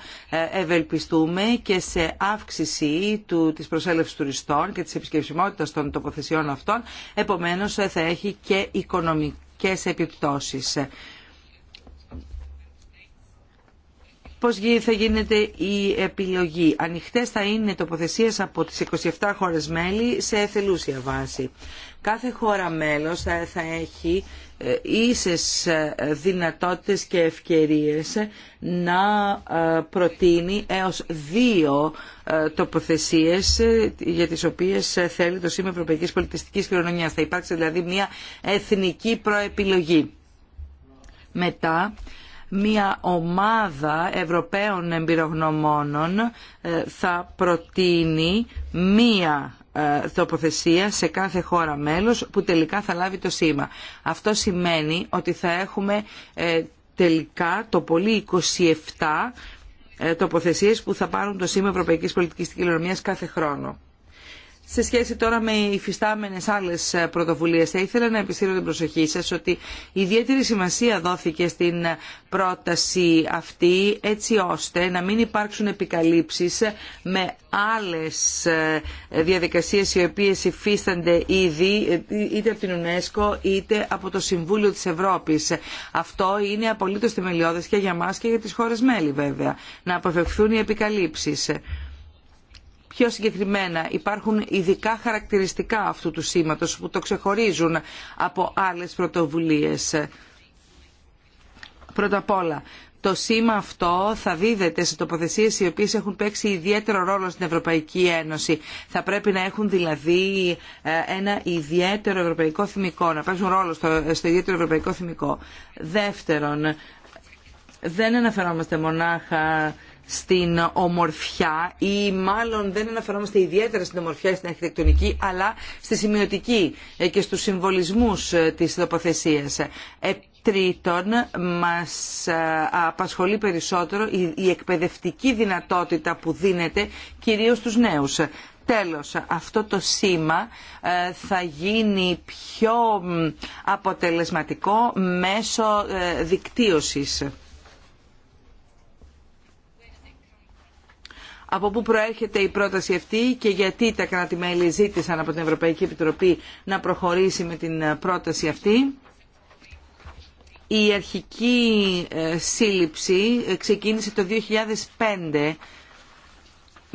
ευελπιστούμε και σε αύξηση του, της προσέλευσης τουριστών και της επισκεψιμότητας των τοποθεσιών αυτών. Επομένως, θα έχει και οικονομικές επιπτώσεις. πώς θα γίνεται η επιλογή. Ανοιχτές θα είναι τοποθεσίες από τις 27 χώρες μέλη σε εθελούσια βάση. Κάθε χώρα μέλος θα, έχει ε, ίσες ε, δυνατότητες και ευκαιρίες να ε, προτείνει έως δύο τοποθεσίες για τις οποίες θέλει το Σύμμα Ευρωπαϊκής Πολιτιστικής Κληρονομιάς. Θα υπάρξει δηλαδή μια εθνική προεπιλογή. Μετά μία ομάδα Ευρωπαίων εμπειρογνωμόνων ε, θα προτείνει μία ε, τοποθεσία σε κάθε χώρα μέλος που τελικά θα λάβει το σήμα. Αυτό σημαίνει ότι θα έχουμε ε, τελικά το πολύ 27 τοποθεσίες που θα πάρουν το σήμα Ευρωπαϊκής Πολιτικής Κοινωνίας κάθε χρόνο σε σχέση τώρα με υφιστάμενες άλλες ε, πρωτοβουλίε, θα ήθελα να επιστήρω την προσοχή σας ότι ιδιαίτερη σημασία δόθηκε στην ε, πρόταση αυτή έτσι ώστε να μην υπάρξουν επικαλύψεις ε, με άλλες διαδικασίες οι οποίες υφίστανται ήδη είτε από την UNESCO είτε από το Συμβούλιο της Ευρώπης. Αυτό είναι απολύτω θεμελιώδε και για εμά και για τι χώρε μέλη βέβαια, να αποφευχθούν οι επικαλύψει. Πιο συγκεκριμένα υπάρχουν ειδικά χαρακτηριστικά αυτού του σήματος που το ξεχωρίζουν από άλλες πρωτοβουλίες. Πρώτα απ' όλα, το σήμα αυτό θα δίδεται σε τοποθεσίες οι οποίες έχουν παίξει ιδιαίτερο ρόλο στην Ευρωπαϊκή Ένωση. Θα πρέπει να έχουν δηλαδή ε, ένα ιδιαίτερο ευρωπαϊκό θυμικό, να παίξουν ρόλο στο, ιδιαίτερο ευρωπαϊκό θυμικό. Δεύτερον, δεν αναφερόμαστε μονάχα στην ομορφιά ή μάλλον δεν αναφερόμαστε ιδιαίτερα στην ομορφιά ή στην αρχιτεκτονική αλλά στη σημειωτική ε, και στους συμβολισμούς ε, της τοποθεσίας. Ε, τρίτον, μας απασχολεί περισσότερο η εκπαιδευτική δυνατότητα που δίνεται κυρίως στους νέους. Τέλος, αυτό το σήμα θα γίνει πιο αποτελεσματικό μέσω δικτύωσης. από πού προέρχεται η πρόταση αυτή και γιατί τα κράτη-μέλη ζήτησαν από την Ευρωπαϊκή Επιτροπή να προχωρήσει με την ε, πρόταση αυτή. Η αρχική ε, σύλληψη ε, ξεκίνησε το 2005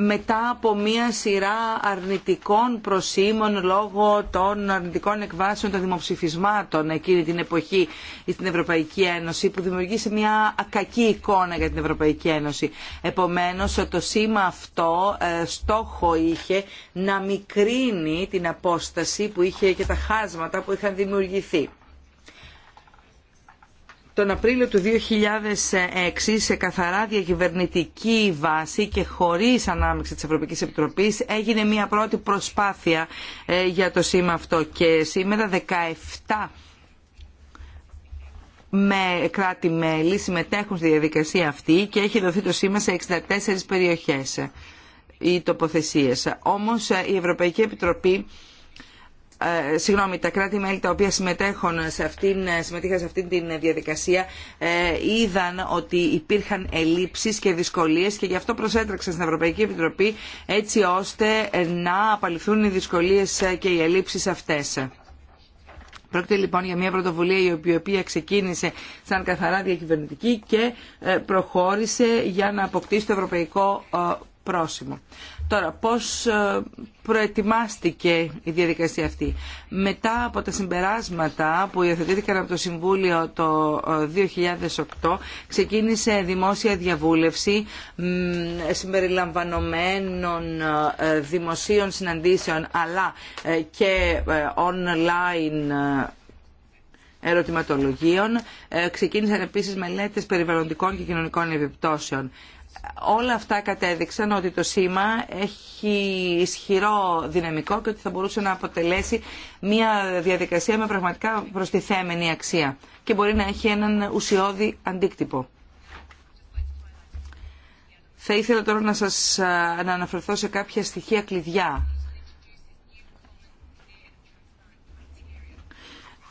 μετά από μία σειρά αρνητικών προσήμων λόγω των αρνητικών εκβάσεων των δημοψηφισμάτων εκείνη την εποχή στην Ευρωπαϊκή Ένωση που δημιουργήσε μια κακή εικόνα για την Ευρωπαϊκή Ένωση. Επομένως το σήμα αυτό ε, στόχο είχε να μικρύνει την απόσταση που είχε και τα χάσματα που είχαν δημιουργηθεί τον Απρίλιο του 2006 σε καθαρά διακυβερνητική βάση και χωρίς ανάμειξη της Ευρωπαϊκής Επιτροπής έγινε μια πρώτη προσπάθεια ε, για το σήμα αυτό και σήμερα 17 με κράτη-μέλη συμμετέχουν στη διαδικασία αυτή και έχει δοθεί το σήμα σε 64 περιοχές ή τοποθεσίες. Όμως ε, η Ευρωπαϊκή Επιτροπή ε, συγγνώμη, τα κράτη-μέλη τα οποία συμμετέχουν σε αυτήν, συμμετείχαν σε αυτήν τη διαδικασία ε, είδαν ότι υπήρχαν ελλείψεις και δυσκολίες και γι' αυτό προσέτρεξαν στην Ευρωπαϊκή Επιτροπή έτσι ώστε να απαλληφθούν οι δυσκολίες και οι ελλείψεις αυτές. Πρόκειται λοιπόν για μια πρωτοβουλία η οποία ξεκίνησε σαν καθαρά διακυβερνητική και ε, προχώρησε για να αποκτήσει το ευρωπαϊκό πρόσημο. Τώρα, πώς ε, προετοιμάστηκε η διαδικασία αυτή. Μετά από τα συμπεράσματα που υιοθετήθηκαν από το Συμβούλιο το 2008, ε, ξεκίνησε δημόσια διαβούλευση συμπεριλαμβανομένων ε, δημοσίων συναντήσεων, αλλά και online ερωτηματολογίων. Ξεκίνησαν επίσης μελέτες περιβαλλοντικών και κοινωνικών επιπτώσεων όλα αυτά κατέδειξαν ότι το σήμα έχει ισχυρό δυναμικό και ότι θα μπορούσε να αποτελέσει μια διαδικασία με πραγματικά προστιθέμενη αξία και μπορεί να έχει έναν ουσιώδη αντίκτυπο. Θα ήθελα τώρα να σας να αναφερθώ σε κάποια στοιχεία κλειδιά.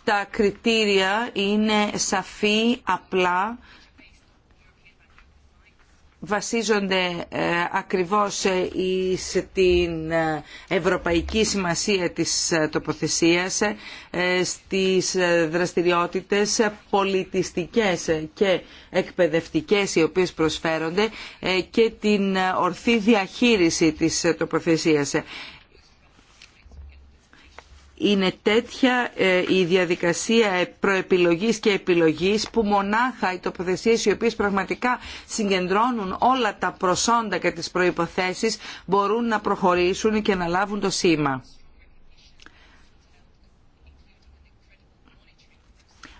Τα κριτήρια είναι σαφή, απλά βασίζονται ε, ακριβώς στην ε, ε, ευρωπαϊκή σημασία της τοποθεσίας, στις δραστηριότητες πολιτιστικές και εκπαιδευτικές οι οποίες προσφέρονται και την ορθή διαχείριση της τοποθεσίας είναι τέτοια ε, η διαδικασία ε, προεπιλογής και επιλογής που μονάχα οι τοποθεσίες οι οποίες πραγματικά συγκεντρώνουν όλα τα προσόντα και τις προϋποθέσεις μπορούν να προχωρήσουν και να λάβουν το σήμα.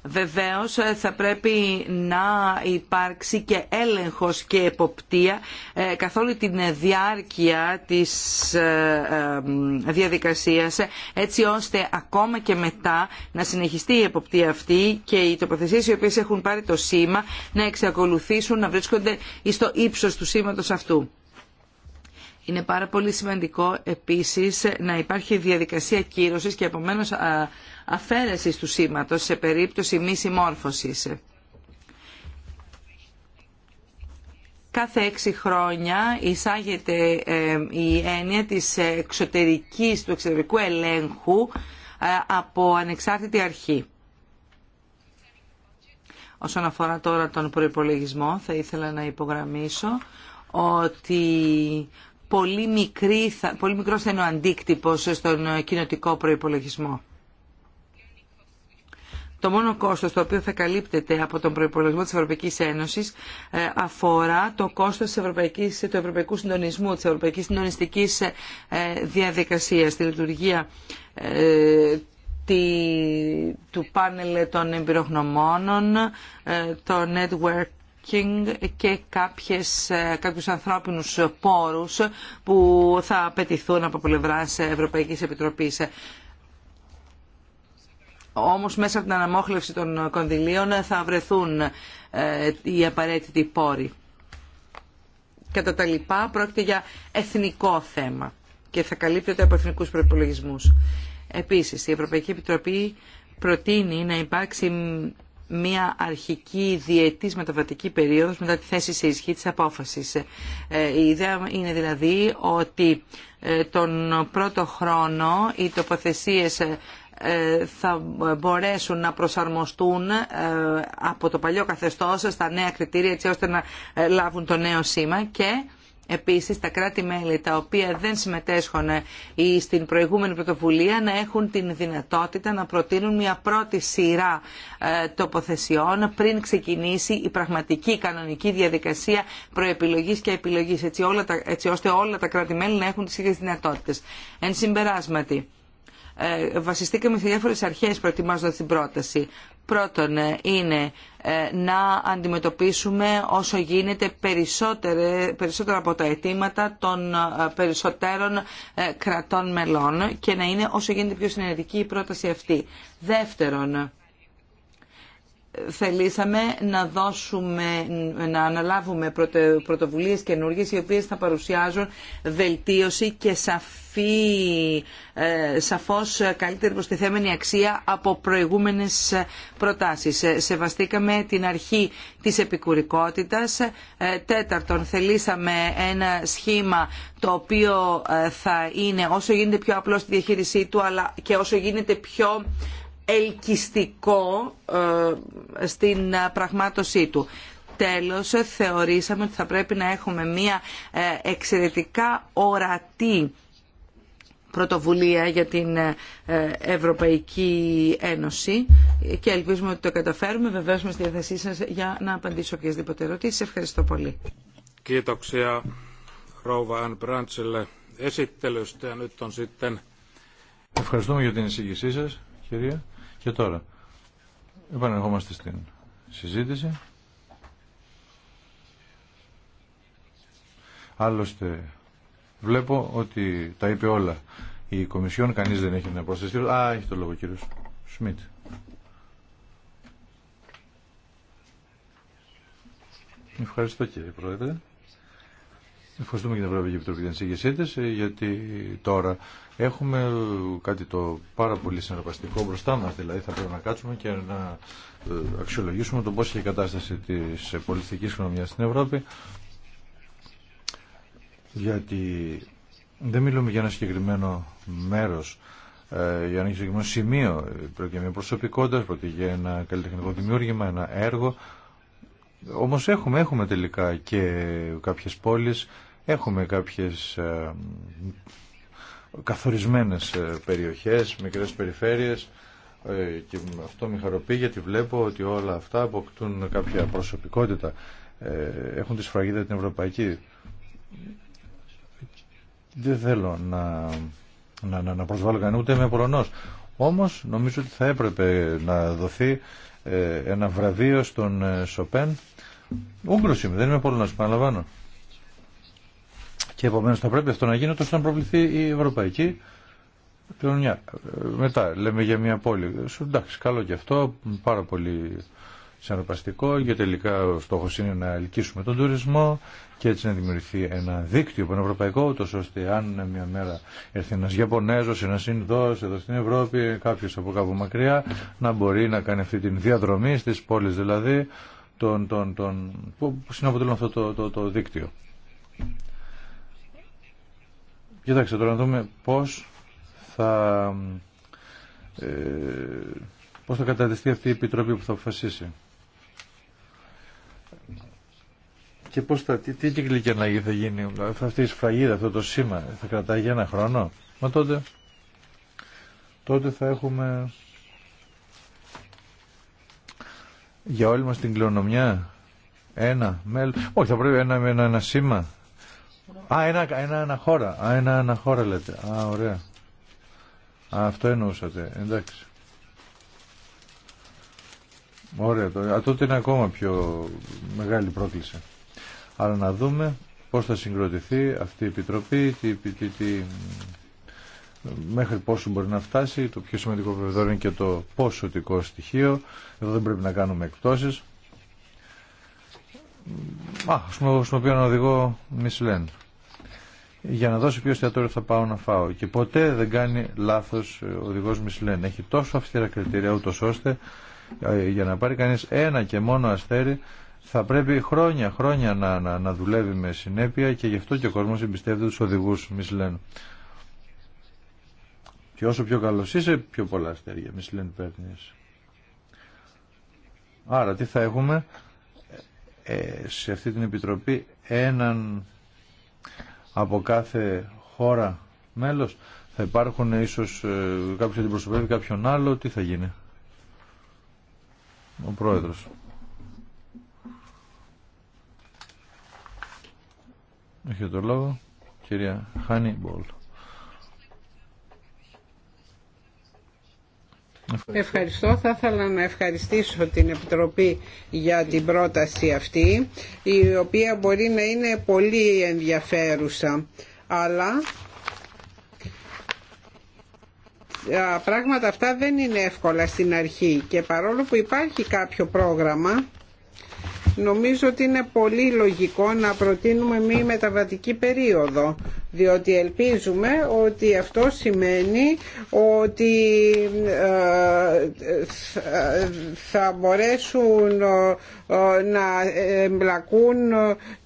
Βεβαίως ε, θα πρέπει να υπάρξει και έλεγχος και εποπτεία ε, καθ' όλη την διάρκεια της ε, διαδικασίας έτσι ώστε ακόμα και μετά να συνεχιστεί η εποπτεία αυτή και οι τοποθεσίες οι οποίες έχουν πάρει το σήμα να εξακολουθήσουν να βρίσκονται στο ύψος του σήματος αυτού. Είναι πάρα πολύ σημαντικό επίσης να υπάρχει διαδικασία κύρωσης και επομένως αφαίρεσης του σήματος σε περίπτωση μη συμμόρφωσης. Κάθε έξι χρόνια εισάγεται ε, η έννοια της εξωτερικής, του εξωτερικού ελέγχου ε, από ανεξάρτητη αρχή. Όσον αφορά τώρα τον προϋπολογισμό, θα ήθελα να υπογραμμίσω ότι πολύ, μικρή, μικρός θα είναι ο αντίκτυπος στον κοινοτικό προϋπολογισμό. Το μόνο κόστος το οποίο θα καλύπτεται από τον προϋπολογισμό της Ευρωπαϊκής Ένωσης ε, αφορά το κόστος του Ευρωπαϊκού Συντονισμού, της Ευρωπαϊκής Συντονιστικής ε, ε, διαδικασία, τη λειτουργία του πάνελ των εμπειρογνωμόνων, το networking και κάποιες, κάποιους ανθρώπινους πόρους που θα απαιτηθούν από πλευρά Ευρωπαϊκής Επιτροπής όμως μέσα από την αναμόχλευση των κονδυλίων θα βρεθούν ε, οι απαραίτητοι πόροι. Κατά τα λοιπά πρόκειται για εθνικό θέμα και θα καλύπτεται από εθνικού προπολογισμού. Επίσης, η Ευρωπαϊκή Επιτροπή προτείνει να υπάρξει μια αρχική διετής μεταβατική περίοδος μετά τη θέση σε ισχύ της απόφασης. Ε, η ιδέα είναι δηλαδή ότι ε, τον πρώτο χρόνο οι τοποθεσίες ε, θα μπορέσουν να προσαρμοστούν ε, από το παλιό καθεστώς στα νέα κριτήρια έτσι ώστε να ε, λάβουν το νέο σήμα και Επίσης, τα κράτη-μέλη τα οποία δεν συμμετέσχουν στην προηγούμενη πρωτοβουλία να έχουν την δυνατότητα να προτείνουν μια πρώτη σειρά τοποθεσιών πριν ξεκινήσει η πραγματική κανονική διαδικασία προεπιλογής και επιλογής, έτσι, ώστε όλα τα κράτη-μέλη να έχουν τις ίδιες δυνατότητες. Εν συμπεράσματι, ε, βασιστήκαμε σε διάφορες αρχές προετοιμάζοντας την πρόταση. Πρώτον ε, είναι ε, να αντιμετωπίσουμε όσο γίνεται περισσότερα από τα αιτήματα των περισσότερων κρατών μελών και να είναι όσο γίνεται πιο συνενετική η πρόταση αυτή. Δεύτερον, θελήσαμε να δώσουμε, να αναλάβουμε πρωτοβουλίε πρωτοβουλίες καινούργιες οι οποίες θα παρουσιάζουν βελτίωση και σαφή, ε, σαφώς καλύτερη προστιθέμενη αξία από προηγούμενες προτάσεις. Ε, σεβαστήκαμε την αρχή της επικουρικότητας. Ε, τέταρτον, θελήσαμε ένα σχήμα το οποίο ε, θα είναι όσο γίνεται πιο απλό στη διαχείρισή του αλλά και όσο γίνεται πιο ελκυστικό ε, στην ε, πραγμάτωσή του. Τέλος, θεωρήσαμε ότι θα πρέπει να έχουμε μία ε, εξαιρετικά ορατή πρωτοβουλία για την Ευρωπαϊκή Ένωση και ελπίζουμε ότι το καταφέρουμε. Βεβαίως είμαι στη διάθεσή σας για να απαντήσω οποιασδήποτε ερωτήσει. Ευχαριστώ πολύ. Ευχαριστούμε για την εισήγησή σας, κυρία. Και τώρα, επανερχόμαστε στην συζήτηση. Άλλωστε, βλέπω ότι τα είπε όλα η Κομισιόν, κανείς δεν έχει να προσθέσει. Α, έχει το λόγο κύριο Σμιτ. Ευχαριστώ κύριε Πρόεδρε. Ευχαριστούμε και την Ευρωπαϊκή Επιτροπή για την σύγκρισή τη, γιατί τώρα Έχουμε κάτι το πάρα πολύ συναρπαστικό μπροστά μας, δηλαδή θα πρέπει να κάτσουμε και να ε, αξιολογήσουμε το πώς έχει η κατάσταση της πολιτικής οικονομίας στην Ευρώπη, γιατί δεν μιλούμε για ένα συγκεκριμένο μέρος, ε, για ένα συγκεκριμένο σημείο, πρόκειται για μια προσωπικότητα, πρόκειται για ένα καλλιτεχνικό δημιούργημα, ένα έργο, όμως έχουμε, έχουμε τελικά και κάποιες πόλεις, έχουμε κάποιες ε, καθορισμένες ε, περιοχές, μικρές περιφέρειες ε, και αυτό με χαροποιεί γιατί βλέπω ότι όλα αυτά αποκτούν κάποια προσωπικότητα ε, έχουν τη σφραγίδα την ευρωπαϊκή δεν θέλω να, να, να, να προσβάλλω κανένα ούτε με Πολωνός όμως νομίζω ότι θα έπρεπε να δοθεί ένα βραβείο στον Σοπέν Ούγκρος είμαι, δεν είμαι Πολωνός, παραλαμβάνω. Και επομένω θα πρέπει αυτό να γίνει όταν να προβληθεί η ευρωπαϊκή κοινωνιά. Μετά λέμε για μια πόλη. Εντάξει, καλό και αυτό, πάρα πολύ συναρπαστικό και τελικά ο στόχο είναι να ελκύσουμε τον τουρισμό και έτσι να δημιουργηθεί ένα δίκτυο πανευρωπαϊκό, ούτω ώστε αν μια μέρα έρθει ένα Ιαπωνέζο, ένα Ινδό εδώ στην Ευρώπη, κάποιο από κάπου μακριά, να μπορεί να κάνει αυτή τη διαδρομή στι πόλει δηλαδή, τον, τον, τον, που συναποτελούν αυτό το, το, το δίκτυο. Κοιτάξτε τώρα να δούμε πώς θα, ε, πώς θα αυτή η επιτροπή που θα αποφασίσει. Και πώς θα, τι, τι κυκλική αλλαγή θα γίνει, αυτή η σφραγίδα, αυτό το σήμα, θα κρατάει για ένα χρόνο. Μα τότε, τότε θα έχουμε για όλη μας την κληρονομιά ένα μέλλον Όχι, θα πρέπει ένα, ένα, ένα σήμα Α, ένα, ένα, ένα ένα, ένα λέτε. Α, ωραία. Α, αυτό εννοούσατε. Εντάξει. Ωραία. Το, α, τότε είναι ακόμα πιο μεγάλη πρόκληση. Αλλά να δούμε πώς θα συγκροτηθεί αυτή η επιτροπή, τι, τι, μέχρι πόσο μπορεί να φτάσει. Το πιο σημαντικό βέβαια είναι και το ποσοτικό στοιχείο. Εδώ δεν πρέπει να κάνουμε εκπτώσεις α, χρησιμοποιώ έναν οδηγό Michelin για να δώσει ποιο εστιατόριο θα πάω να φάω. Και ποτέ δεν κάνει λάθος ο οδηγός Michelin. Έχει τόσο αυστηρά κριτήρια ούτω ώστε ε, για να πάρει κανείς ένα και μόνο αστέρι θα πρέπει χρόνια χρόνια να, να, να δουλεύει με συνέπεια και γι' αυτό και ο κόσμος εμπιστεύεται τους οδηγούς Michelin. Και όσο πιο καλό είσαι, πιο πολλά αστέρια Michelin παίρνεις. Άρα τι θα έχουμε, ε, σε αυτή την Επιτροπή έναν από κάθε χώρα μέλος. Θα υπάρχουν ίσως ε, κάποιος αντιπροσωπεύει κάποιον άλλο. Τι θα γίνει. Ο Πρόεδρος. Έχει το λόγο. Κυρία Χάνι Μπολ. Ευχαριστώ. Θα ήθελα να ευχαριστήσω την Επιτροπή για την πρόταση αυτή, η οποία μπορεί να είναι πολύ ενδιαφέρουσα, αλλά τα πράγματα αυτά δεν είναι εύκολα στην αρχή και παρόλο που υπάρχει κάποιο πρόγραμμα, Νομίζω ότι είναι πολύ λογικό να προτείνουμε μη μεταβατική περίοδο, διότι ελπίζουμε ότι αυτό σημαίνει ότι ε, θα μπορέσουν ε, να εμπλακούν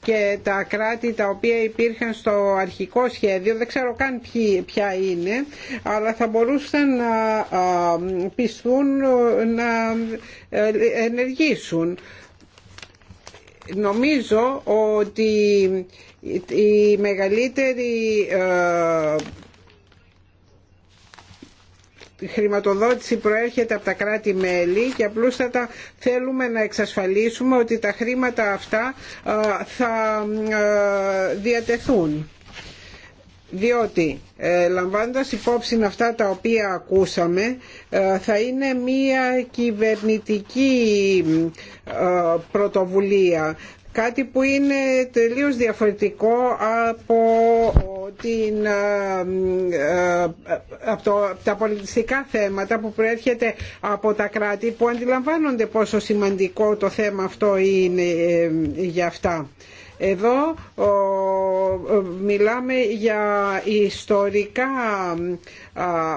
και τα κράτη τα οποία υπήρχαν στο αρχικό σχέδιο, δεν ξέρω καν ποια είναι, αλλά θα μπορούσαν να ε, πιστούν να ενεργήσουν. Νομίζω ότι η μεγαλύτερη ε, χρηματοδότηση προέρχεται από τα κράτη-μέλη και απλούστατα θέλουμε να εξασφαλίσουμε ότι τα χρήματα αυτά ε, θα ε, διατεθούν διότι ε, λαμβάνοντας υπόψη αυτά τα οποία ακούσαμε ε, θα είναι μια κυβερνητική ε, πρωτοβουλία κάτι που είναι τελείως διαφορετικό από, την, από, τα πολιτιστικά θέματα που προέρχεται από τα κράτη που αντιλαμβάνονται πόσο σημαντικό το θέμα αυτό είναι για αυτά. Εδώ μιλάμε για ιστορικά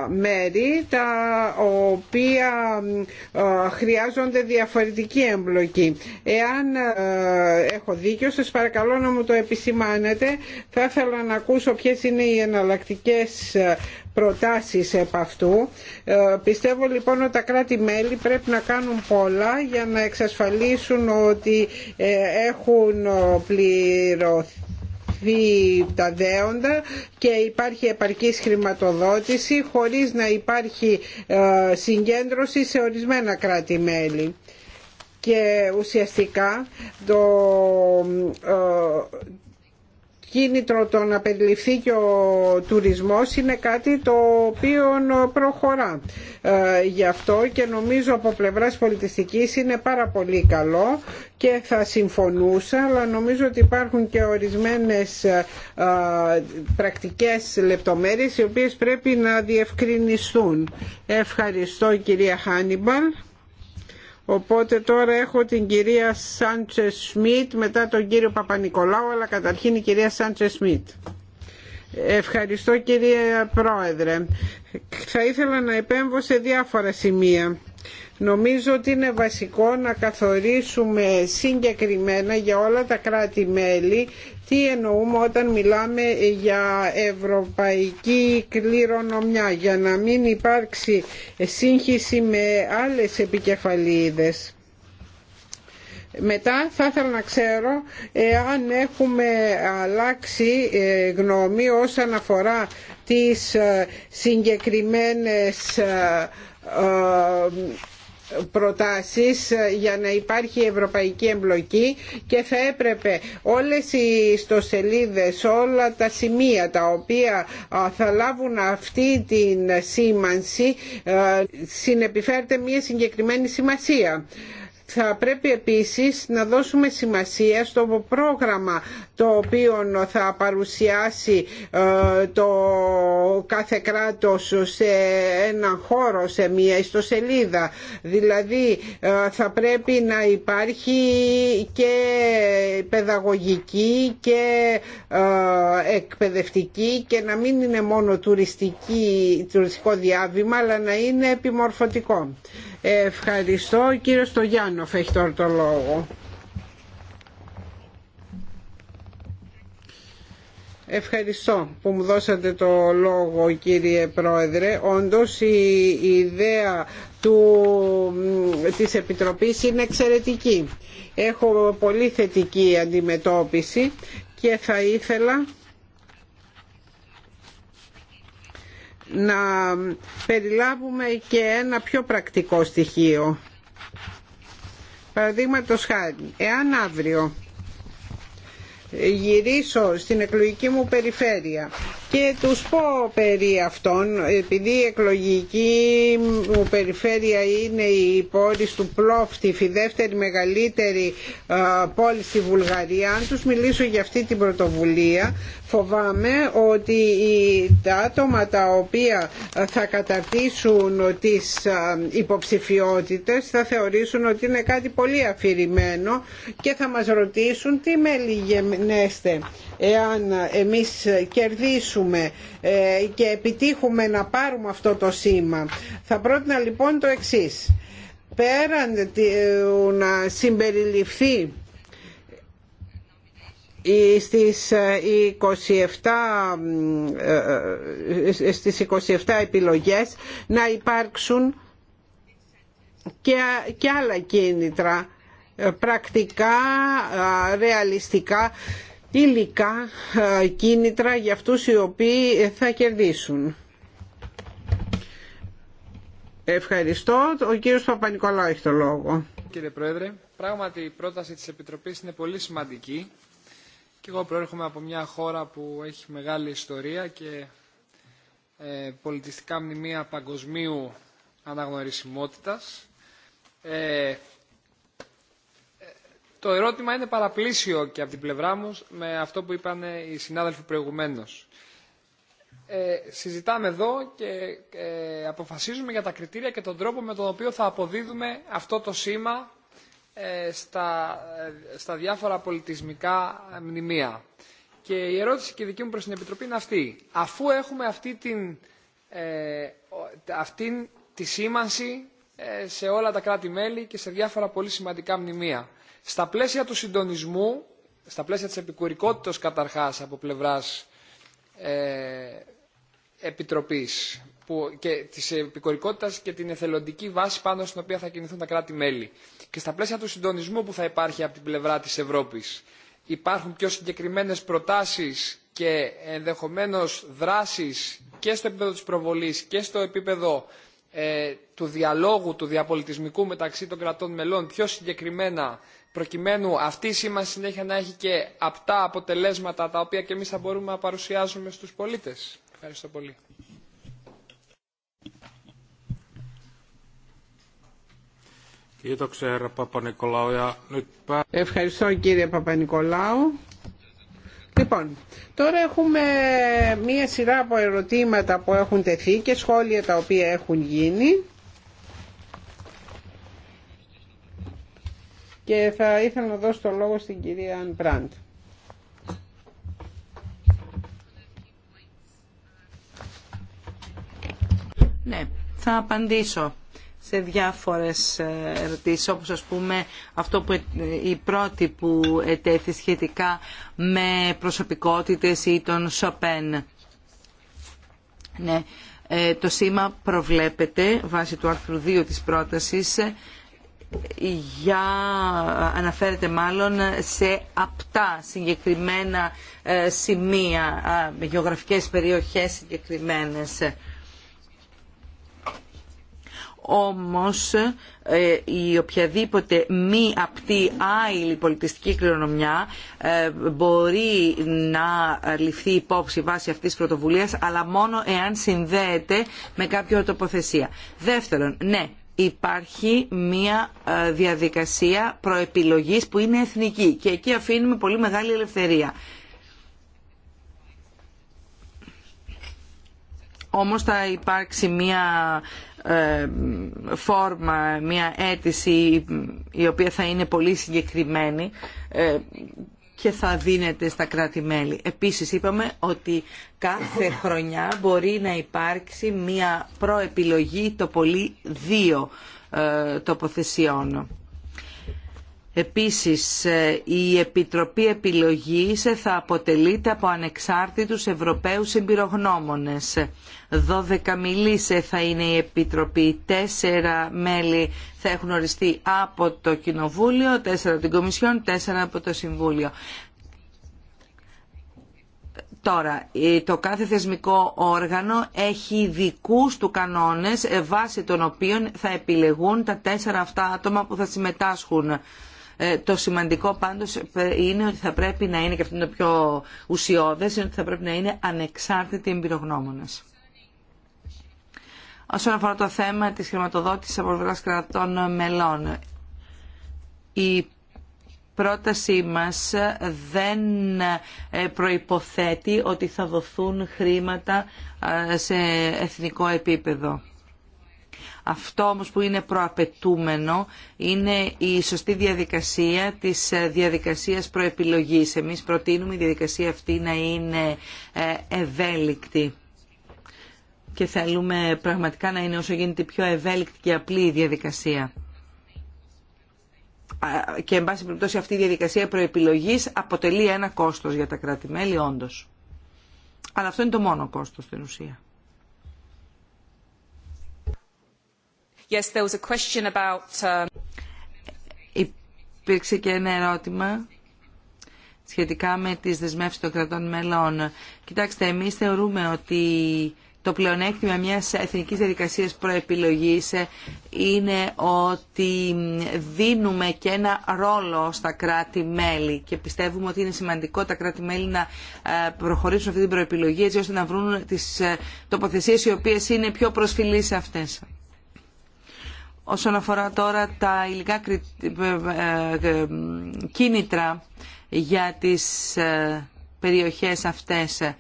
μέρη τα οποία χρειάζονται διαφορετική εμπλοκή. Εάν έχω δίκιο, σας παρακαλώ να μου το επισημάνετε. Θα ήθελα να ακούσω ποιες είναι οι εναλλακτικές προτάσεις επ' αυτού. Ε, πιστεύω λοιπόν ότι τα κράτη-μέλη πρέπει να κάνουν πολλά για να εξασφαλίσουν ότι ε, έχουν πληρωθεί τα δέοντα και υπάρχει επαρκής χρηματοδότηση χωρίς να υπάρχει ε, συγκέντρωση σε ορισμένα κράτη-μέλη και ουσιαστικά το, κίνητρο το να περιληφθεί και ο τουρισμός είναι κάτι το οποίο προχωρά. Ε, γι' αυτό και νομίζω από πλευράς πολιτιστικής είναι πάρα πολύ καλό και θα συμφωνούσα, αλλά νομίζω ότι υπάρχουν και ορισμένες ε, πρακτικές λεπτομέρειες οι οποίες πρέπει να διευκρινιστούν. Ευχαριστώ κυρία Χάνιμπαλ. Οπότε τώρα έχω την κυρία Σάντσε Σμιτ, μετά τον κύριο Παπα-Νικολάου, αλλά καταρχήν η κυρία Σάντσε Σμιτ. Ευχαριστώ κύριε Πρόεδρε. Θα ήθελα να επέμβω σε διάφορα σημεία. Νομίζω ότι είναι βασικό να καθορίσουμε συγκεκριμένα για όλα τα κράτη-μέλη τι εννοούμε όταν μιλάμε για ευρωπαϊκή κληρονομιά, για να μην υπάρξει σύγχυση με άλλες επικεφαλίδες. Μετά θα ήθελα να ξέρω αν έχουμε αλλάξει ε, γνώμη όσον αφορά τις ε, συγκεκριμένες ε, προτάσεις ε, για να υπάρχει ευρωπαϊκή εμπλοκή και θα έπρεπε όλες οι ιστοσελίδες, όλα τα σημεία τα οποία θα λάβουν αυτή την σήμανση ε, συνεπιφέρεται μια συγκεκριμένη σημασία. Θα πρέπει επίσης να δώσουμε σημασία στο πρόγραμμα το οποίο θα παρουσιάσει ε, το κάθε κράτος σε έναν χώρο, σε μία ιστοσελίδα. Δηλαδή ε, θα πρέπει να υπάρχει και παιδαγωγική και ε, εκπαιδευτική και να μην είναι μόνο τουριστική, τουριστικό διάβημα αλλά να είναι επιμορφωτικό. Ευχαριστώ. Ο Στογιάννοφ έχει τώρα το λόγο. Ευχαριστώ που μου δώσατε το λόγο κύριε Πρόεδρε. Όντως η ιδέα του, της Επιτροπής είναι εξαιρετική. Έχω πολύ θετική αντιμετώπιση και θα ήθελα να περιλάβουμε και ένα πιο πρακτικό στοιχείο. Παραδείγματο χάρη, εάν αύριο γυρίσω στην εκλογική μου περιφέρεια και τους πω περί αυτών επειδή η εκλογική μου περιφέρεια είναι η πόλη του Πλόφτιφ η δεύτερη μεγαλύτερη πόλη στη Βουλγαρία αν τους μιλήσω για αυτή την πρωτοβουλία φοβάμαι ότι τα άτομα τα οποία θα καταρτήσουν τις υποψηφιότητες θα θεωρήσουν ότι είναι κάτι πολύ αφηρημένο και θα μας ρωτήσουν τι μέλη εάν εμείς κερδίσουμε ε, και επιτύχουμε να πάρουμε αυτό το σήμα. Θα πρότεινα λοιπόν το εξής. Πέραν ε, να συμπεριληφθεί στις 27, ε, στις 27 επιλογές να υπάρξουν και, και άλλα κίνητρα πρακτικά, ρεαλιστικά υλικά κίνητρα για αυτούς οι οποίοι θα κερδίσουν. Ευχαριστώ. Ο κύριος Παπα-Νικολάου έχει το λόγο. Κύριε Πρόεδρε, πράγματι η πρόταση της Επιτροπής είναι πολύ σημαντική και εγώ προέρχομαι από μια χώρα που έχει μεγάλη ιστορία και ε, πολιτιστικά μνημεία παγκοσμίου αναγνωρισιμότητας. Ε, το ερώτημα είναι παραπλήσιο και από την πλευρά μου με αυτό που είπαν οι συνάδελφοι προηγουμένως. Ε, συζητάμε εδώ και ε, αποφασίζουμε για τα κριτήρια και τον τρόπο με τον οποίο θα αποδίδουμε αυτό το σήμα ε, στα, ε, στα διάφορα πολιτισμικά μνημεία. Και η ερώτηση και δική μου προς την Επιτροπή είναι αυτή. Αφού έχουμε αυτή την, αυτή τη σήμανση σε όλα τα κράτη-μέλη και σε διάφορα πολύ σημαντικά μνημεία στα πλαίσια του συντονισμού, στα πλαίσια της επικουρικότητας καταρχάς από πλευράς ε, επιτροπής που, και της επικουρικότητας και την εθελοντική βάση πάνω στην οποία θα κινηθούν τα κράτη-μέλη και στα πλαίσια του συντονισμού που θα υπάρχει από την πλευρά της Ευρώπης υπάρχουν πιο συγκεκριμένες προτάσεις και ενδεχομένως δράσεις και στο επίπεδο της προβολής και στο επίπεδο ε, του διαλόγου, του διαπολιτισμικού μεταξύ των κρατών μελών πιο συγκεκριμένα προκειμένου αυτή η σήμανση συνέχεια να έχει και απτά αποτελέσματα τα οποία και εμείς θα μπορούμε να παρουσιάζουμε στους πολίτες. Ευχαριστώ πολύ. Ευχαριστώ κύριε Παπα-Νικολάου. Λοιπόν, τώρα έχουμε μία σειρά από ερωτήματα που έχουν τεθεί και σχόλια τα οποία έχουν γίνει. και θα ήθελα να δώσω το λόγο στην κυρία Ναι, θα απαντήσω σε διάφορες ε, ερωτήσεις, όπως ας πούμε αυτό που ε, η πρώτη που ετέθη σχετικά με προσωπικότητες ή τον Σοπέν. Ναι, ε, το σήμα προβλέπεται βάσει του άρθρου 2 της πρότασης για, αναφέρεται μάλλον σε απτά συγκεκριμένα ε, σημεία, ε, γεωγραφικές περιοχές συγκεκριμένες. Όμως ε, η οποιαδήποτε μη απτή άειλη πολιτιστική κληρονομιά μπορεί να ληφθεί υπόψη βάσει αυτής της πρωτοβουλίας αλλά μόνο εάν συνδέεται με κάποια τοποθεσία. Δεύτερον, ναι, υπάρχει μια ε, διαδικασία προεπιλογής που είναι εθνική και εκεί αφήνουμε πολύ μεγάλη ελευθερία. Όμως θα υπάρξει μια ε, φόρμα, μια αίτηση η οποία θα είναι πολύ συγκεκριμένη ε, και θα δίνεται στα κράτη-μέλη. Επίσης είπαμε ότι κάθε χρονιά μπορεί να υπάρξει μία προεπιλογή το πολύ δύο ε, τοποθεσιών. Επίσης, ε, η Επιτροπή Επιλογής ε, θα αποτελείται από ανεξάρτητους Ευρωπαίους εμπειρογνώμονες. 12 μιλής ε, θα είναι η Επιτροπή, Τέσσερα μέλη θα έχουν οριστεί από το Κοινοβούλιο, τέσσερα από την Κομισιόν, τέσσερα από το Συμβούλιο. Τώρα, το κάθε θεσμικό όργανο έχει δικούς του κανόνες βάσει των οποίων θα επιλεγούν τα τέσσερα αυτά άτομα που θα συμμετάσχουν ε, το σημαντικό πάντως είναι ότι θα πρέπει να είναι, και αυτό είναι το πιο ουσιώδες, είναι ότι θα πρέπει να είναι ανεξάρτητοι εμπειρογνώμονες. Όσον αφορά το θέμα της χρηματοδότησης από πλευρά κρατών μελών, η πρότασή μας δεν ε, προϋποθέτει ότι θα δοθούν χρήματα ε, σε εθνικό επίπεδο. Αυτό όμως που είναι προαπαιτούμενο είναι η σωστή διαδικασία της ε, διαδικασίας προεπιλογής. Εμείς προτείνουμε η διαδικασία αυτή να είναι ε, ευέλικτη και θέλουμε πραγματικά να είναι όσο γίνεται πιο ευέλικτη και απλή η διαδικασία. Και, εν πάση περιπτώσει, αυτή η διαδικασία προεπιλογής αποτελεί ένα κόστος για τα κράτη-μέλη, όντως. Αλλά αυτό είναι το μόνο κόστος στην ουσία. Um, Υπήρξε και ένα ερώτημα σχετικά με τις δεσμεύσεις των κρατών μελών. Κοιτάξτε, εμείς θεωρούμε ότι το πλεονέκτημα μιας εθνικής διαδικασίας προεπιλογής είναι ότι δίνουμε και ένα ρόλο στα κράτη-μέλη και πιστεύουμε ότι είναι σημαντικό τα κράτη-μέλη να ε, προχωρήσουν αυτή την προεπιλογή έτσι ώστε να βρουν τις ε, τοποθεσίες οι οποίες είναι πιο προσφυλείς σε αυτές. Όσον αφορά τώρα τα υλικά ε, ε, κίνητρα για τις ε, περιοχές αυτές,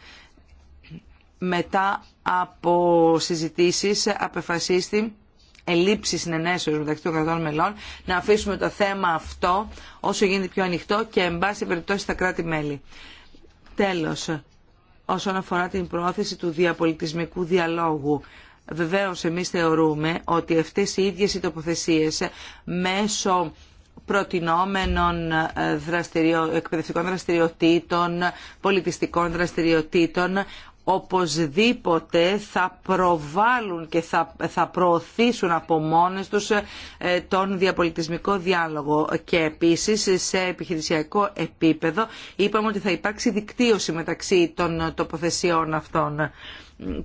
μετά από συζητήσεις απεφασίστη ελλείψη συνενέσεως μεταξύ των κρατών μελών, να αφήσουμε το θέμα αυτό όσο γίνεται πιο ανοιχτό και εν πάση περιπτώσει στα κράτη-μέλη. Τέλος, όσον αφορά την προώθηση του διαπολιτισμικού διαλόγου, Βεβαίως εμείς θεωρούμε ότι αυτές οι ίδιες οι τοποθεσίες μέσω προτινόμενων ε, δραστηριο... εκπαιδευτικών δραστηριοτήτων, πολιτιστικών δραστηριοτήτων, οπωσδήποτε θα προβάλλουν και θα, θα προωθήσουν από μόνες τους ε, τον διαπολιτισμικό διάλογο. Και επίσης σε επιχειρησιακό επίπεδο είπαμε ότι θα υπάρξει δικτύωση μεταξύ των τοποθεσιών αυτών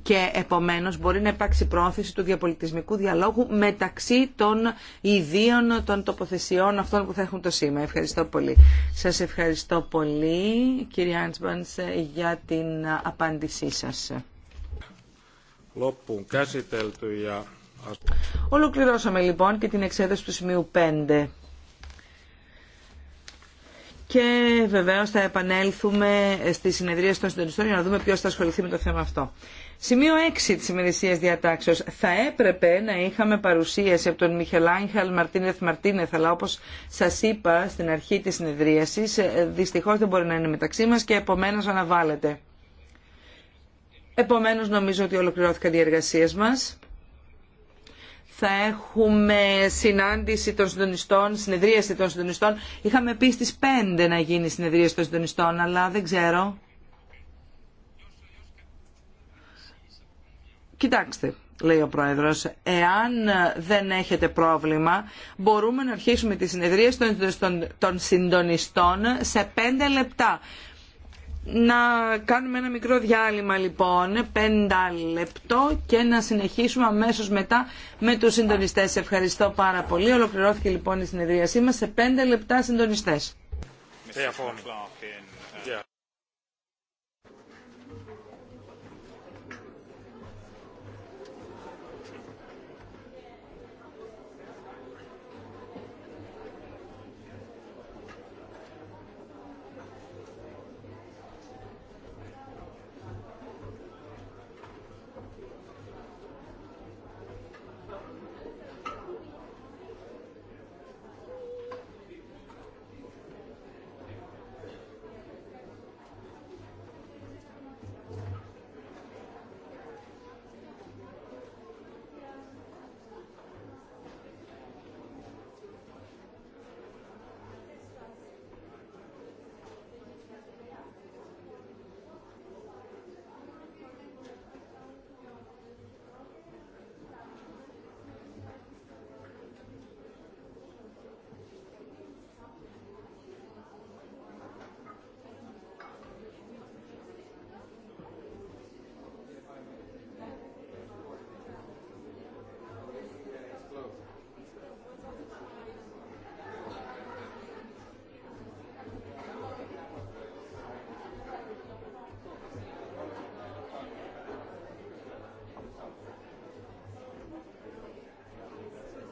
και επομένως μπορεί να υπάρξει πρόθεση του διαπολιτισμικού διαλόγου μεταξύ των ιδίων των τοποθεσιών αυτών που θα έχουν το σήμα. Ευχαριστώ πολύ. Σας ευχαριστώ πολύ κύριε Άντσμπανς για την απάντησή σας. Ολοκληρώσαμε λοιπόν και την εξέταση του σημείου 5. Και βεβαίως θα επανέλθουμε στη συνεδρία των συντονιστών για να δούμε ποιος θα ασχοληθεί με το θέμα αυτό. Σημείο 6 της ημερησίας διατάξεως. Θα έπρεπε να είχαμε παρουσίαση από τον Μιχελάνχαλ Μαρτίνεθ Μαρτίνεθ, αλλά όπως σας είπα στην αρχή της συνεδρίασης, ε, δυστυχώς δεν μπορεί να είναι μεταξύ μας και επομένως αναβάλλεται. Επομένως νομίζω ότι ολοκληρώθηκαν οι εργασίες μας. Θα έχουμε συνάντηση των συντονιστών, συνεδρίαση των συντονιστών. Είχαμε πει στις 5 να γίνει συνεδρίαση των συντονιστών, αλλά δεν ξέρω. Κοιτάξτε, λέει ο Πρόεδρος, εάν δεν έχετε πρόβλημα, μπορούμε να αρχίσουμε τη συνεδρία των συντονιστών σε πέντε λεπτά. Να κάνουμε ένα μικρό διάλειμμα λοιπόν, πέντε λεπτό και να συνεχίσουμε αμέσως μετά με τους συντονιστές. Ευχαριστώ πάρα πολύ. Ολοκληρώθηκε λοιπόν η συνεδρίασή μας σε πέντε λεπτά συντονιστές.